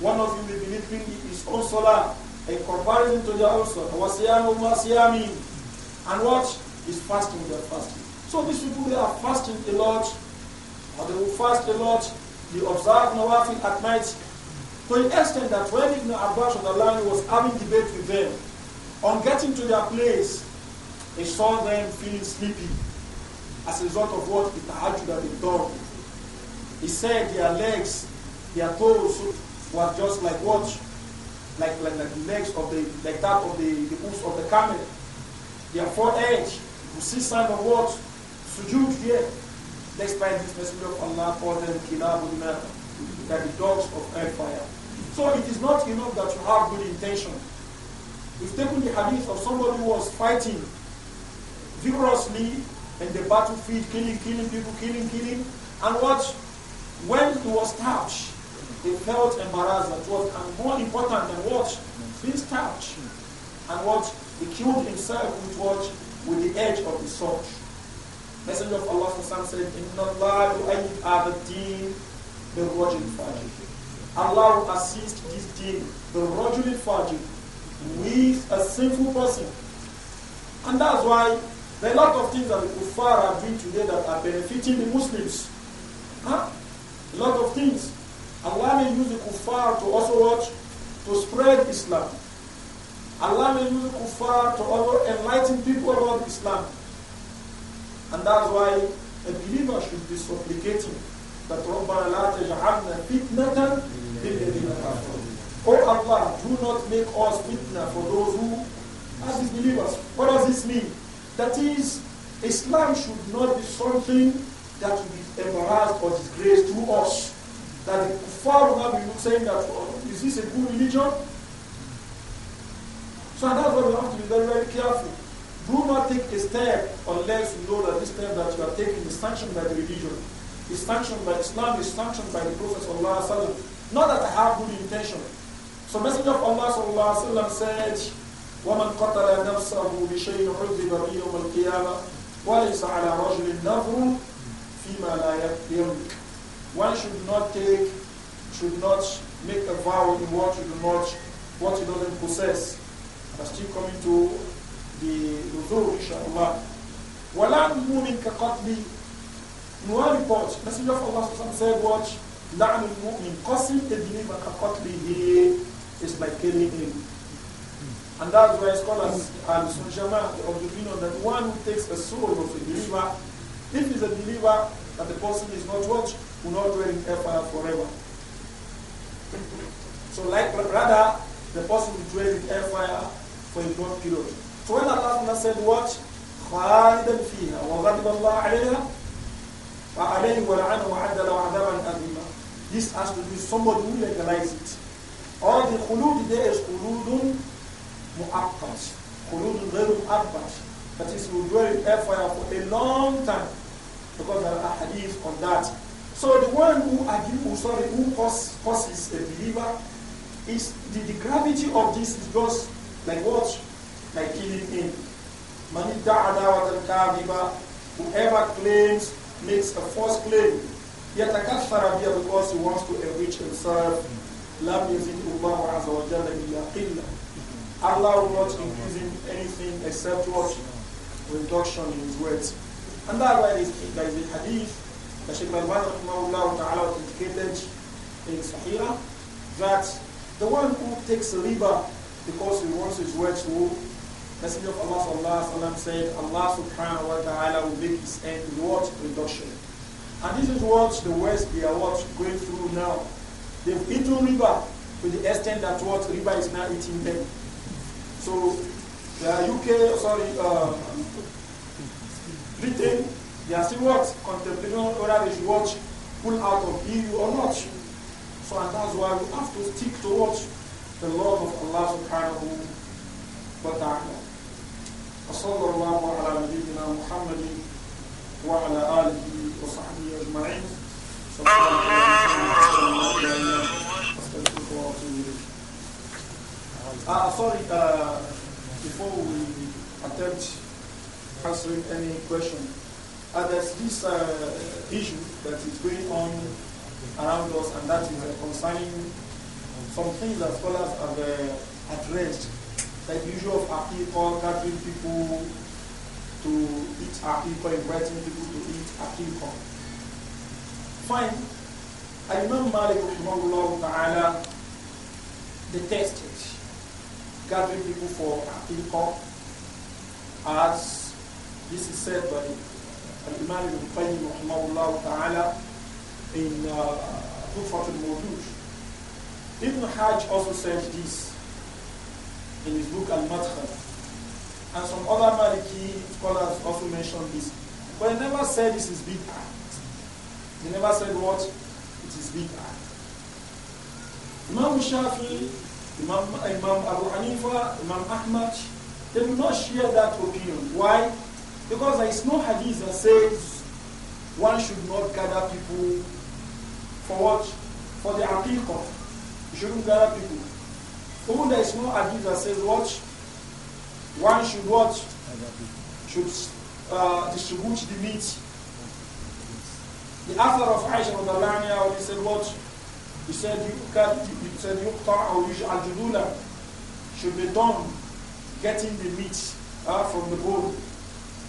one of you will be lifting his own and comparing comparison to their own salah. And what? Is fasting They're fasting. So these people, they are fasting a lot, or they will fast a lot, they observe Nawafil at night, to the extent that when Ibn Abbas of the land was having debate with them, on getting to their place, he saw them feeling sleepy as a result of what it had to have done. He said their legs, their toes, was just like what? Like, like, like legs of the, like that of the, the hoofs of the camel. Their edge, you see sign of what? Sujud here. by this message of Allah for them Kilabul that the dogs of hellfire. So it is not enough that you have good intention. you have taken the hadith of somebody who was fighting vigorously in the battlefield, killing, killing people, killing, killing, and what? When he was touched, they felt embarrassed at what, and more important than what? this touch, And what? He killed himself with what? With the edge of the sword. Messenger of Allah said, Inna Allah yu'ayyid abad-deen bil-rajul fajr. Allah will assist this deen, the rajul fajr, with a sinful person. And that's why there are a lot of things that the kuffar are doing today that are benefiting the Muslims. Huh? A lot of things. Allah may use the kuffar to also watch To spread Islam. Allah may use the kuffar to also enlighten people about Islam. And that's why a believer should be supplicating that رَبَّنَا لَا تَجْعَلْنَا فِتْنَةً لِلَّذِينَ كَفَرُوا Oh Allah, do not make us fitna for those who are disbelievers. What does this mean? That is, Islam should not be something that will be embarrassed or disgraced to us that the kuffar will not be saying that, oh, is this a good religion? So that's why we have to be very, very careful. Do not take a step unless you know that this step that you are taking is sanctioned by the religion, is sanctioned by Islam, is sanctioned by the Prophet Sallallahu Not that I have good intention. So Messenger of Allah Sallallahu Alaihi Wasallam said, وَمَنْ قَتَلَ نَفْسَهُ بِشَيْءٍ حُذِّبَ بِهِ يَوْمَ الْقِيَامَةِ وَلَيْسَ عَلَى رَجُلٍ نَظْرٌ فِيمَا لَا يَمْلِكُ one should not take, should not make a vow in what you do not, what you doesn't possess. I'm still coming to the nuzur, inshallah. وَلَا مُؤْمِنْ كَقَتْلِ In one report, Messenger of Allah said what? لَعْنُ الْمُؤْمِنْ قَسِمْ a believer كَقَتْلِهِ is like killing him. And that's why scholars and Sunjama of the opinion that one who takes a soul of a believer, if he's a believer, that the person is not what? will not dwell in hellfire forever. So like rather, the person will dwell in hellfire for a short period. So when Allah said what? خالدا فيها وغضب الله عليها وعليه ولعنه وعد له عذابا أليما This has to do somebody who legalize it. All the khulud there is khuludun mu'akkas. Khuludun غير mu'akkas. That is, will dwell in fire for a long time. Because there are hadith on that. So the one who argues, oh, sorry, who causes, a believer is the, the gravity of this is just like what? Like killing him. Whoever claims, makes a false claim. Yet a kafara because he wants to enrich himself. لم يزد الله عز وجل Allah will not increase him anything except what? Reduction in his words. And that's why there is a hadith Sheikh Al-Bani ta'ala authenticated in Sahira that the one who takes riba because he wants his wealth to Messenger of Allah sallallahu alayhi wa said, Allah subhanahu wa ta'ala will make his end what? Reduction. And this is what the West, they are what? Going through now. They've eaten riba to the extent that what? Riba is now eating them. So, the UK, sorry, uh, Britain, they are still what? Contemplating whether they should watch, pull out of EU or not. So and that's why we have to stick to what? The law of Allah subhanahu wa ta'ala. وصلى الله على نبينا محمد وعلى آله وصحبه أجمعين سبحانك اللهم وبحمدك sorry, uh, before we attempt answering any question, uh, there's this uh, issue that is going on around us, and that is uh, concerning some things that scholars have uh, addressed, like the issue of appeal, gathering people to eat appeal, inviting people to eat appeal. Fine. I remember Malik Ta'ala detested gathering people for appeal as this is said by الإمام ابن القيم رحمه الله تعالى in Tufat uh, al-Mawdud. Ibn Hajj also said this in his book Al-Madkhal. And some other Maliki scholars also mentioned this. But he never said this is bid'ah. He never said what? It is bid'ah. Imam Shafi, Imam, Imam Abu Hanifa, Imam Ahmad, they do not share that opinion. Why? Because there is no hadith that says one should not gather people for what? For the aqiqah. You shouldn't gather people. Even there is no hadith that says what? One should what? Should uh, distribute the meat. The author of Aisha of Alania, he said what? He said, you can, he said, yuqta or should be done getting the meat uh, from the bone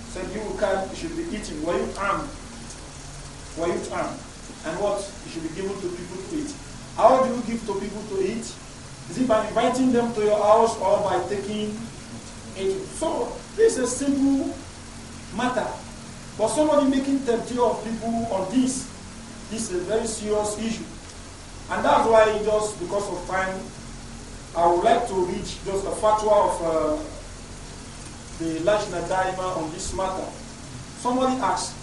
said you can, should be eating while you arm, while you arm, and what you should be given to people to eat. How do you give to people to eat? Is it by inviting them to your house or by taking it? So this is a simple matter. But somebody making 30 of people on this, this is a very serious issue. And that's why just because of time, I would like to reach just a fatwa of uh, the Lajna Daima on this matter. Somebody asked,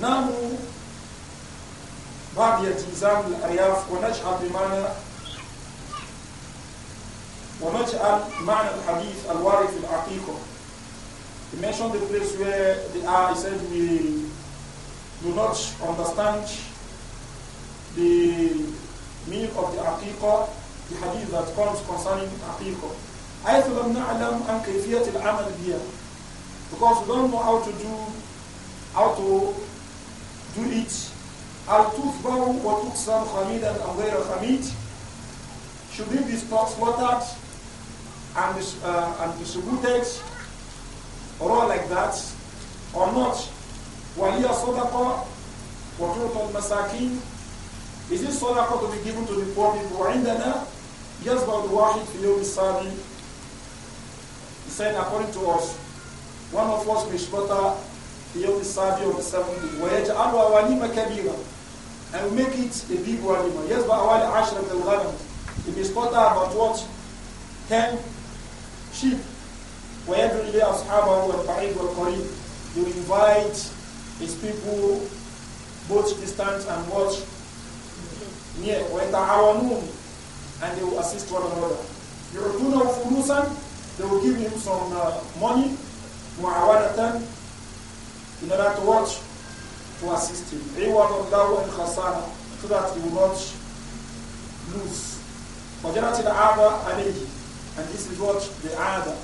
نحن بعد التزام الأرياف ونجعل بمعنى ونجعل معنى al الوارد في العقيقة. He mentioned the place where they are. He said, we do not understand the meaning of the aqiqah, the hadith that comes concerning aqiqah. حيث لم نعلم عن كيفية العمل بها because we don't know how to do how to do it هل تتبع وتقسم خميدا أو غير خميد should we be slaughtered and, uh, and distributed or all like that or not وهي صدقة وتعطى المساكين is this صدقة to be given to the poor people وعندنا يصبح الواحد في يوم السابع he said, according to us, one of us, Mishpata, the only Sabi of the seven voyage, and Wawanima Kabira, and we make it a big Wawanima. Yes, but Awali Ashra the eleventh. The Mishpata about what? Ten sheep. Where every day of Sahaba and Ba'id were Kori, he would invite his people, both distant and much near, where our moon and they will assist one another. You're doing a Fulusan? they will give him some uh, money, mu'awadatan, in order to watch, to assist him. Iwanullahu and khasana, so that he will not lose. وجرت العادة عليه and this is what the ada,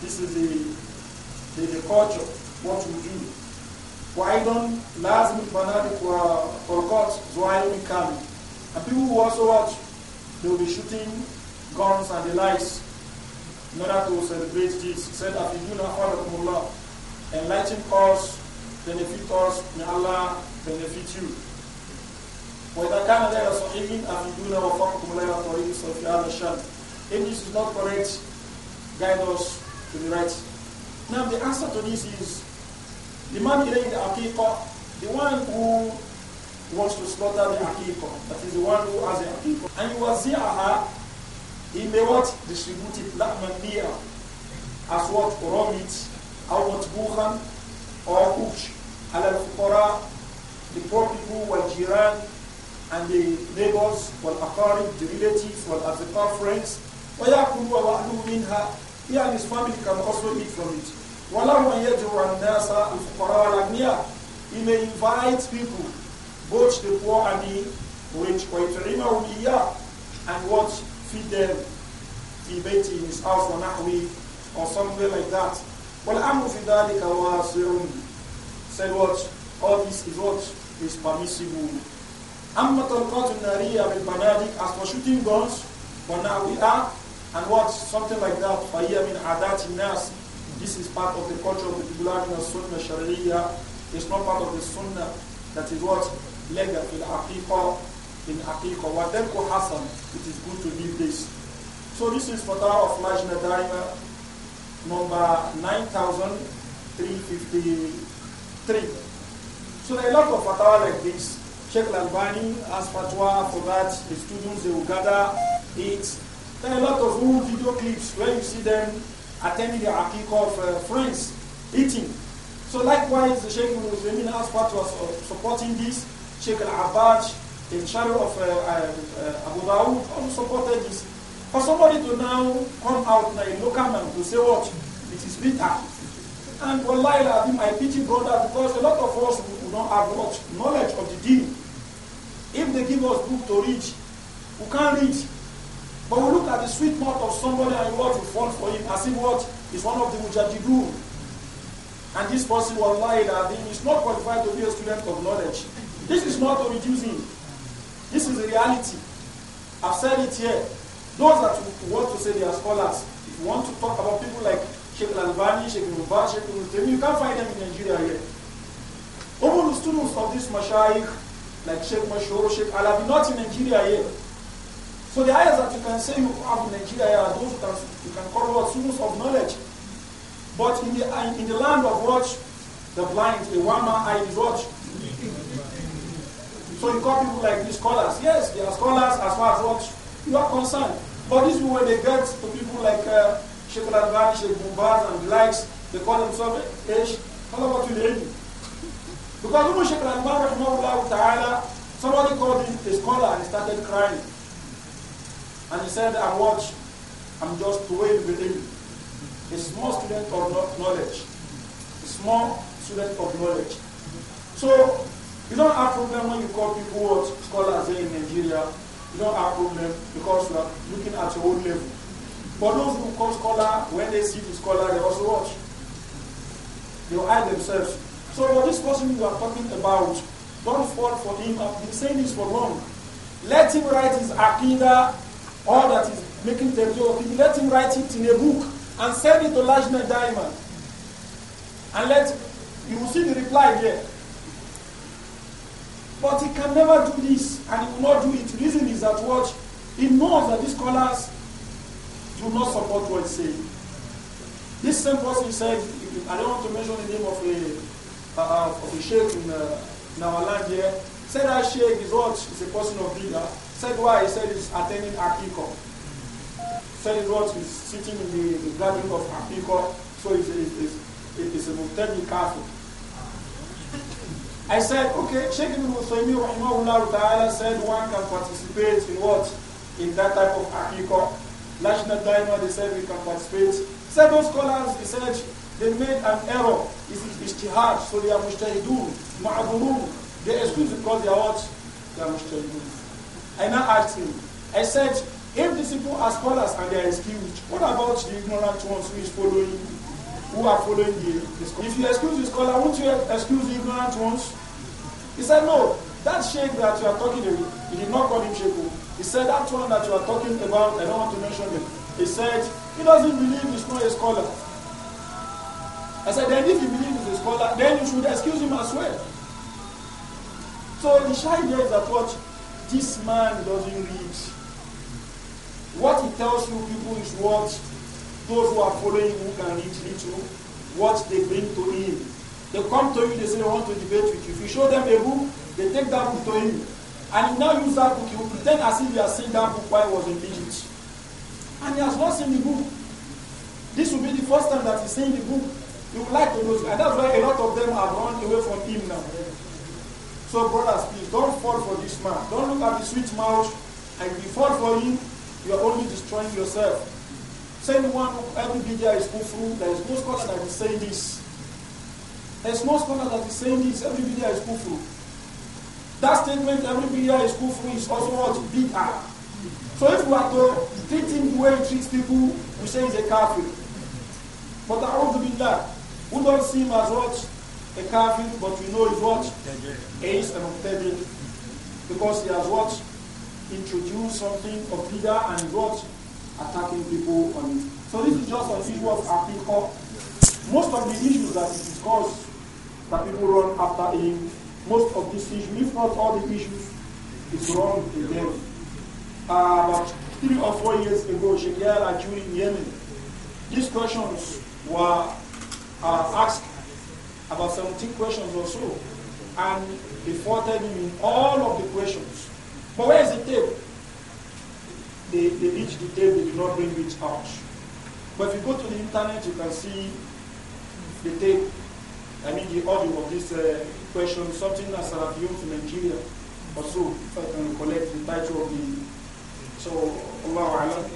this is the, the, the culture, what we do. وأيضا لازم الفنادق والطرقات زوائر كامل. And people who also watch, they will be shooting guns and the lights in order to celebrate this. He said, Allah, Enlighten us, benefit us, may Allah benefit you. وإذا If this is not correct, guide us to the right. Now the answer to this is the man in the aqiqah, the one who wants to slaughter the aqiqah, that is the one who has the aqiqah, and you wazi'aha he may not Distribute it lahman mia uh, as what? Raw meat, or matbuhan, or cooked. Ala al the poor people, wal jiran, and the neighbors, wal aqarib, the relatives, wal azqa, friends. وَيَأْكُلُ وَأَهْلُهُ مِنْهَا He and his family can also eat from it. وَلَهُ أَنْ يَجْرُ النَّاسَ الْفُقَرَاءَ الْأَغْنِيَاءَ He may invite people, both the poor and the rich, وَيُطْعِمَهُمْ إِيَّاهُ And what? feed them في بيته in his house ونحوه or somewhere like that. والأمر Amu ذلك واسع said what? All this is what is permissible. أما طلقات النارية بالبنادق as for shooting guns are and what? Something like that mean, adat in us, This is part of the culture of the people in the Sunnah Sharia. It's not part of the Sunnah that is what? legal في people in aqiqah. وَتَرْكُ Hassan, It is good to leave this. So this is photo of Lajna Daima number 9353. So a lot of fatwa like this. Sheikh Al-Albani has fatwa for that. The students, they will gather it. There are a lot of old video clips where you see them attending the aqiqah of uh, friends, eating. So likewise, the Sheikh Muslimin has fatwa supporting this. Sheikh Al-Abbaj in shadow of uh, uh, Abu Dawud also supported this. For somebody to now come out like a local man to say what? It is bitter. And wallahi, I think my pity brother, because a lot of us don't have much knowledge of the deen, if they give us book to read, we can't read. But we look at the sweet mouth of somebody and what we fall for him as if what is one of the mujahideen. And this person, wallahi, I mean, is not qualified to be a student of knowledge. This is not to reduce him. This is the reality. I've said it here. Those that want to say they are scholars, if you want to talk about people like Sheikh Sheikh Mubarak, Sheikh Mubarak, you can't find them in Nigeria here. Even the students of this mashayikh, like Sheikh Mashoro, Sheikh Alabi, not in Nigeria here. So the ayahs that you can say you have in Nigeria are those can you can call what students of knowledge. But in the, in the land of watch, The blind, the one man eye is so you call people like these scholars. Yes, they are scholars as far as what you are concerned. But this, is when they get to people like uh, Sheikh Al-Albani, Sheikh Mumbaz, and the likes, they call themselves H. Talaba to the Because when Sheikh Al-Albani, ta'ala, somebody called him a scholar and started crying. And he said, I'm what? I'm just waiting with him. A small student of knowledge. A small student of knowledge. So you don't have problem when you call people what scholars here in Nigeria. You don't have problem because you are looking at your own level. But those who call scholar, when they see the scholar, they also watch. They hide themselves. So for this person you are talking about, don't fall for him. I've been saying this for long. Let him write his akida, all that is making the people. Let him write it in a book and send it to Lajna Diamond. And let you will see the reply there. But he can never do this and he will not do it. The reason is that what he knows that these scholars do not support what he's saying. This same person said, I don't want to mention the name of a, uh, uh of a sheikh in, uh, in our land here, said that sheikh is what is a person of leader. Said why? He said he's attending Akiko. Said he's what is sitting in the, the garden of Akiko, so he's, he's, he's, he's a Mutemi Catholic. I said, okay, Sheikh Ibn Uthaymeen rahimahullah ta'ala said one can participate in what? In that type of akikah. National dialogue. they said we can participate. Several scholars, they said, they made an error. It is ijtihad, so they are mujtahidun, ma'adurun. They excuse because they are what? They are mujtahidun. I now asked him, I said, if these people are scholars and they are excused, what about the ignorant ones who is following who are following If you excuse the scholar, won't you excuse the ignorant ones? He said, No, that sheikh that you are talking about, he did not call him sheikh. He said, That one that you are talking about, I don't want to mention him." He said, He doesn't believe he's not a scholar. I said, Then if you believe he's a scholar, then you should excuse him as well. So the shy is that what this man doesn't read. What he tells you people is what those who are following who can read little, what they bring to him. They come to you, they say they want to debate with you. If you show them a book, they take that book to him. And he now use that book, he will pretend as if he has seen that book while he was in Egypt. And he has not seen the book. This will be the first time that he's seen the book. He would like to know. And that's why a lot of them have run away from him now. So brothers, please don't fall for this man. Don't look at the sweet mouth and if you fall for him, you are only destroying yourself. Same one every bid'ah is kufru, there is no scholar that is saying this. There is no scholar that is saying this, every bid'ah is kufru. That statement, every bid'ah is kufru, is also what? up. So if we are to treat him the way he treats people, we say he's a kafir. But a'udhu that. we don't see him as what? A kafir, but we know he's what? He and an Because he has what? Introduced something of leader and what? attacking people on it. So this is just on issue of Africa. Most of the issues that is discussed that people run after him, most of these issues, if not all the issues, is wrong again. Uh, about three or four years ago, Sheikh and Ajuri in Yemen, these questions were uh, asked about 17 questions or so, and they faulted him in all of the questions. But where is the tape? they, they reach the table they do not bring it out. But if you go to the internet, you can see the tape, I mean the audio of this uh, question, something as a view to Nigeria Also, if I can collect the title of the. So, Allah Alam.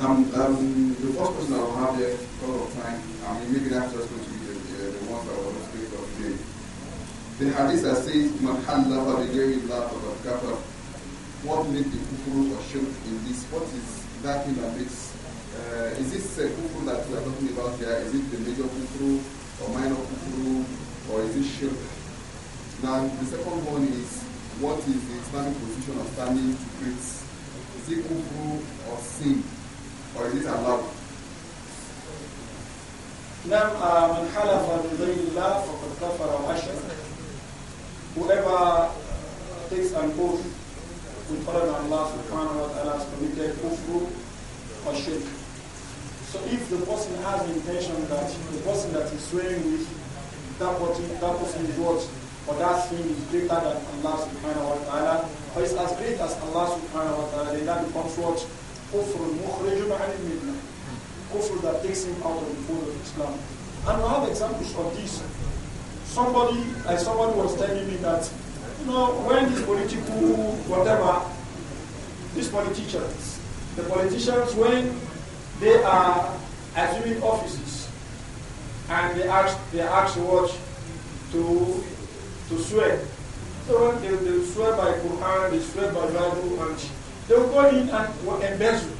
Um, um, the first person i will have the of time, I mean, maybe that's just going to be the, the, the ones that the hadith that says, Man What made the kufru or shirk in this? What is that thing that makes uh, is this uh, that we are talking about here? Is it the major kufru or minor kufru or is it shirk? Now the second one is what is the Islamic position of standing to greet? Is it kufru or sin or is it allowed? نعم من حلف بغير الله فقد كفر واشرك whoever takes an oath with other than Allah subhanahu wa ta'ala has committed kufru or shirk. So if the person has the intention that the person that is swearing with, that person, that person's is or that thing is greater than Allah subhanahu wa ta'ala, or is as great as Allah subhanahu wa ta'ala, then that becomes what? Kufr mukhrijun anil midna. Kufr that takes him out of the fold of Islam. And we have examples of this somebody, like someone was telling me that, you know, when these political, whatever, these politicians, the politicians, when they are assuming offices, and they ask, they ask what to, to swear. So when they, they swear by Quran, they swear by Bible, and they will go in and embezzle.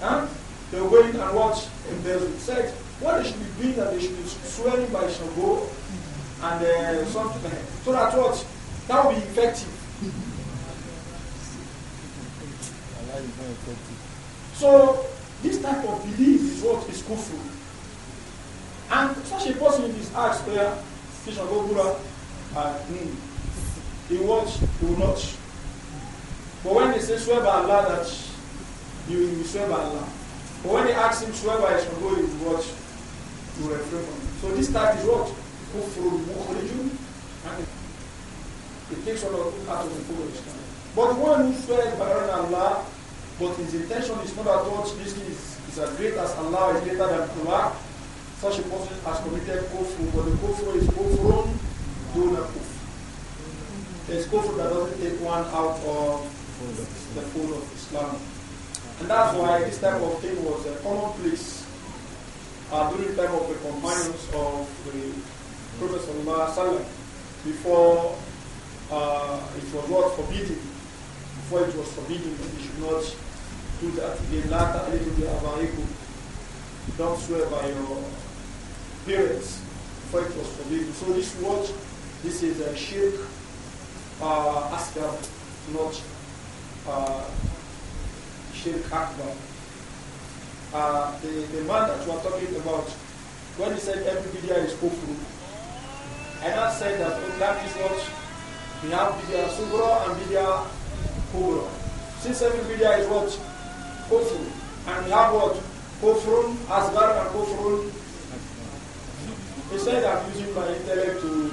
Huh? They will go in and watch embezzle. Sex what they should be doing that they should be swearing by Shango and uh, something like that. So that what? That will be effective. So this type of belief is what is crucial. And such a person is asked prayer, Shango Buddha, and he watch, he will not. But when they say swear by Allah that you will swear by Allah. But when they ask him swear by Shango, he will watch to refrain from. So this type is what? Kufrul mukhrijun. It takes a lot of out of the full Islam. But one who swears by Allah, but his intention is not at all. this is, is as great as Allah, is greater than Allah, such a person has committed kufr, but the kufr is kufrun duna kufr. There's kufr that doesn't take one out of the fold of Islam. And that's why this type of thing was a commonplace uh, during the time of the companions of the Prophet Sallallahu before uh, it was not forbidden, before it was forbidden, that you should not do that. Don't swear by your parents, before it was forbidden. So this word, this is a shirk uh, asghar, not uh, shirk akbar uh, the, the man that you are talking about, when he said every video is kufru, and I said that oh, that is not, we have video subro and video kubra. Since every video is what? Kufru. And we have what? Kufrun, asgar and kufrun. He said I'm using my intellect to,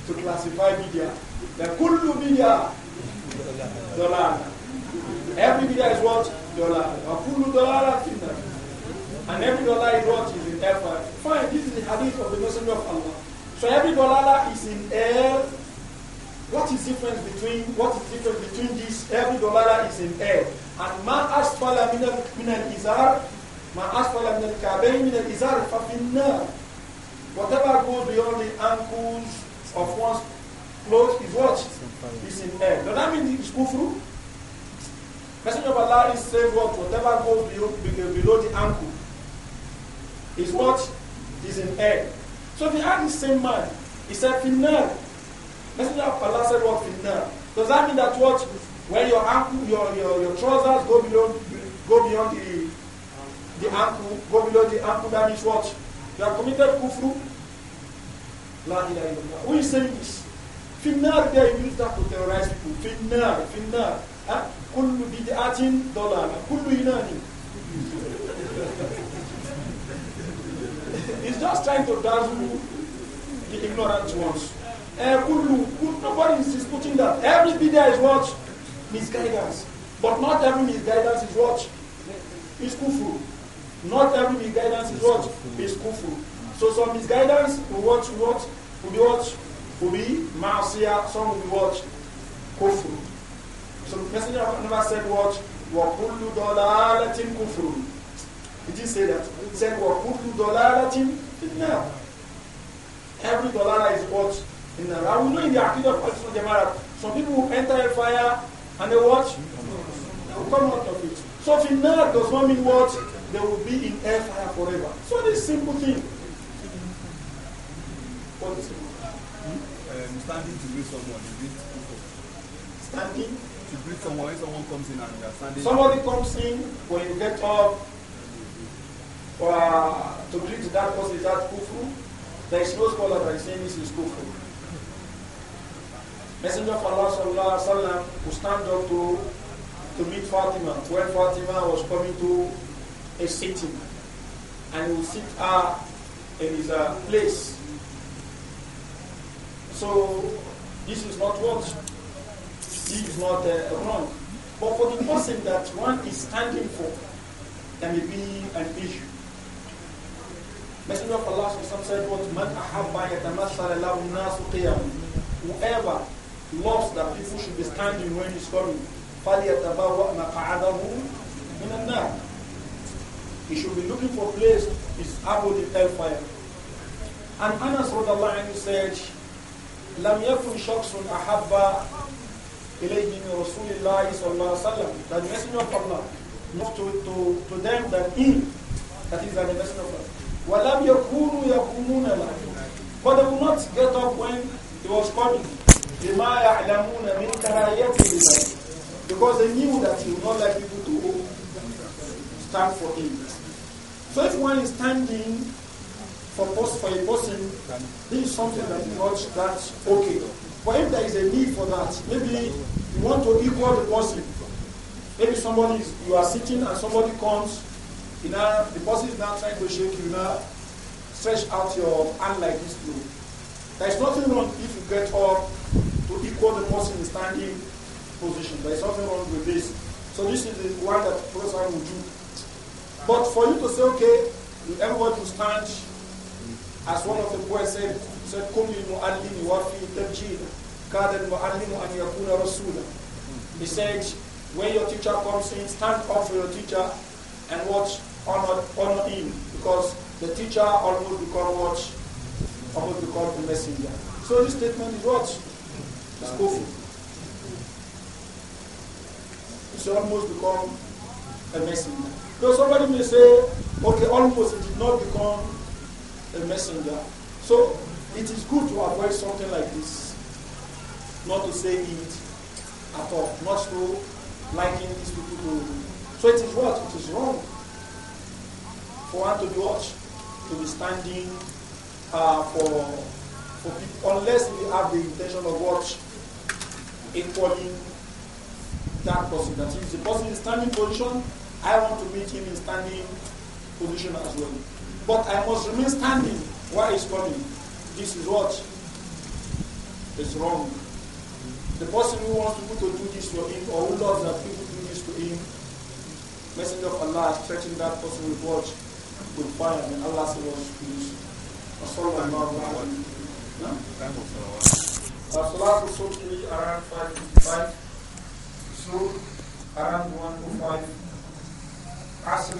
to classify media. The video media, land. Every media is what? dollar, وَكُلُّ دَلَالَةٍ فِي And every dollar he brought is in air. Fine, this is the hadith of the Messenger of Allah. So every dollar is in air. What is difference between what is different between this? Every dollar is in air. And ma asfala min al min al izar, ma asfala min al kabein min al izar fa Whatever goes beyond the ankles of one's clothes is what is in air. Does that mean it's kufru? Messenger of Allah is saying what whatever goes below, below the ankle is what is in air. So they had the same mind. He said finnar. Messenger of Allah said what finnar. Does that mean that what when your ankle, your, your, your trousers go below go beyond the the ankle, go below the ankle, that means what? You have committed kufru. La ilaha Who is saying this? Finnar, they use that to terrorize people. Finnar, finnar. Huh? كل بدعة ضلالة كل يناني He's just trying to dazzle the ignorant ones. Uh, kullu, kullu, nobody is disputing that. Every bid'ah is what? Misguidance. But not every misguidance is what? Is kufru. Not every misguidance is what? Is kufru. So some misguidance will what? What? Will be what? Will be ma'asiyah. Some will be what? Kufru. So the Messenger of Allah said what? وَكُلُّ ضَلَالَةٍ كُفْرٌ He didn't say that. He said وَكُلُّ ضَلَالَةٍ فِي Every dollar is what? In the We know in the Aqidah of Al-Sunnah some people who enter a fire and they watch, they will come out of it. So finnar does not mean what? They will be in air fire forever. So this simple thing. What is it? Um, standing to meet someone, is it? Standing? to greet someone when someone comes in and you Somebody comes in when you get up uh, to greet that person, is that Kufu. There is no scholar that is saying this is Kufu. Messenger of Allah sallallahu alaihi wasallam who stand up to to meet Fatima when Fatima was coming to a city and he sit her in his uh, place. So this is not what is not uh, wrong. But for the person that one is standing for, there may be an issue. Messenger of Allah said, What man ahabba yatamassala lahu nasu qiyam. Whoever loves that people should be standing when he's coming, فَلْيَتَبَوَّأْ مَقْعَدَهُ He should be looking for a place, is abode the hellfire. And Anas said, لم يكن شخص أحب إليه من رسول الله صلى الله عليه وسلم that the messenger of Allah moved to, to, to them that he that is the messenger of Allah ولم يكونوا يقومون له but they would not get up when he was calling بما يعلمون من كراهيته لذلك because they knew that he would not like people to stand for him so if one is standing for, post for a person this is something that is not that okay but if there is a need for that, maybe you want to equal the person. Maybe somebody is, you are sitting and somebody comes, you know, the person is now trying to shake you now, stretch out your hand like this to There is nothing wrong if you get up to equal the person in standing position. There is nothing wrong with this. So this is the one that Prophet will do. But for you to say, okay, everybody will stand, as one of the poets said, said قل للمعلم وفي تمجيدا كاد المعلم أن يكون رسولا he said when your teacher comes in stand up for your teacher and watch honor, honor him because the teacher almost become what almost become the messenger so this statement is what it's kufr it's almost become a messenger so somebody may say okay almost it did not become a messenger so it is good to avoid something like this. Not to say it at all. Not to liking these people to. So it is what? It is wrong for one to be watched, to be standing uh, for, for people, unless we have the intention of watch equaling that person. That is, the person in standing position, I want to meet him in standing position as well. But I must remain standing while he's coming. This is what is wrong. The person who wants people to do this to him or who loves that people do this to him, Messenger of Allah is threatening that person with what? With fire. And Allah says what to was around 555, around 105, Asr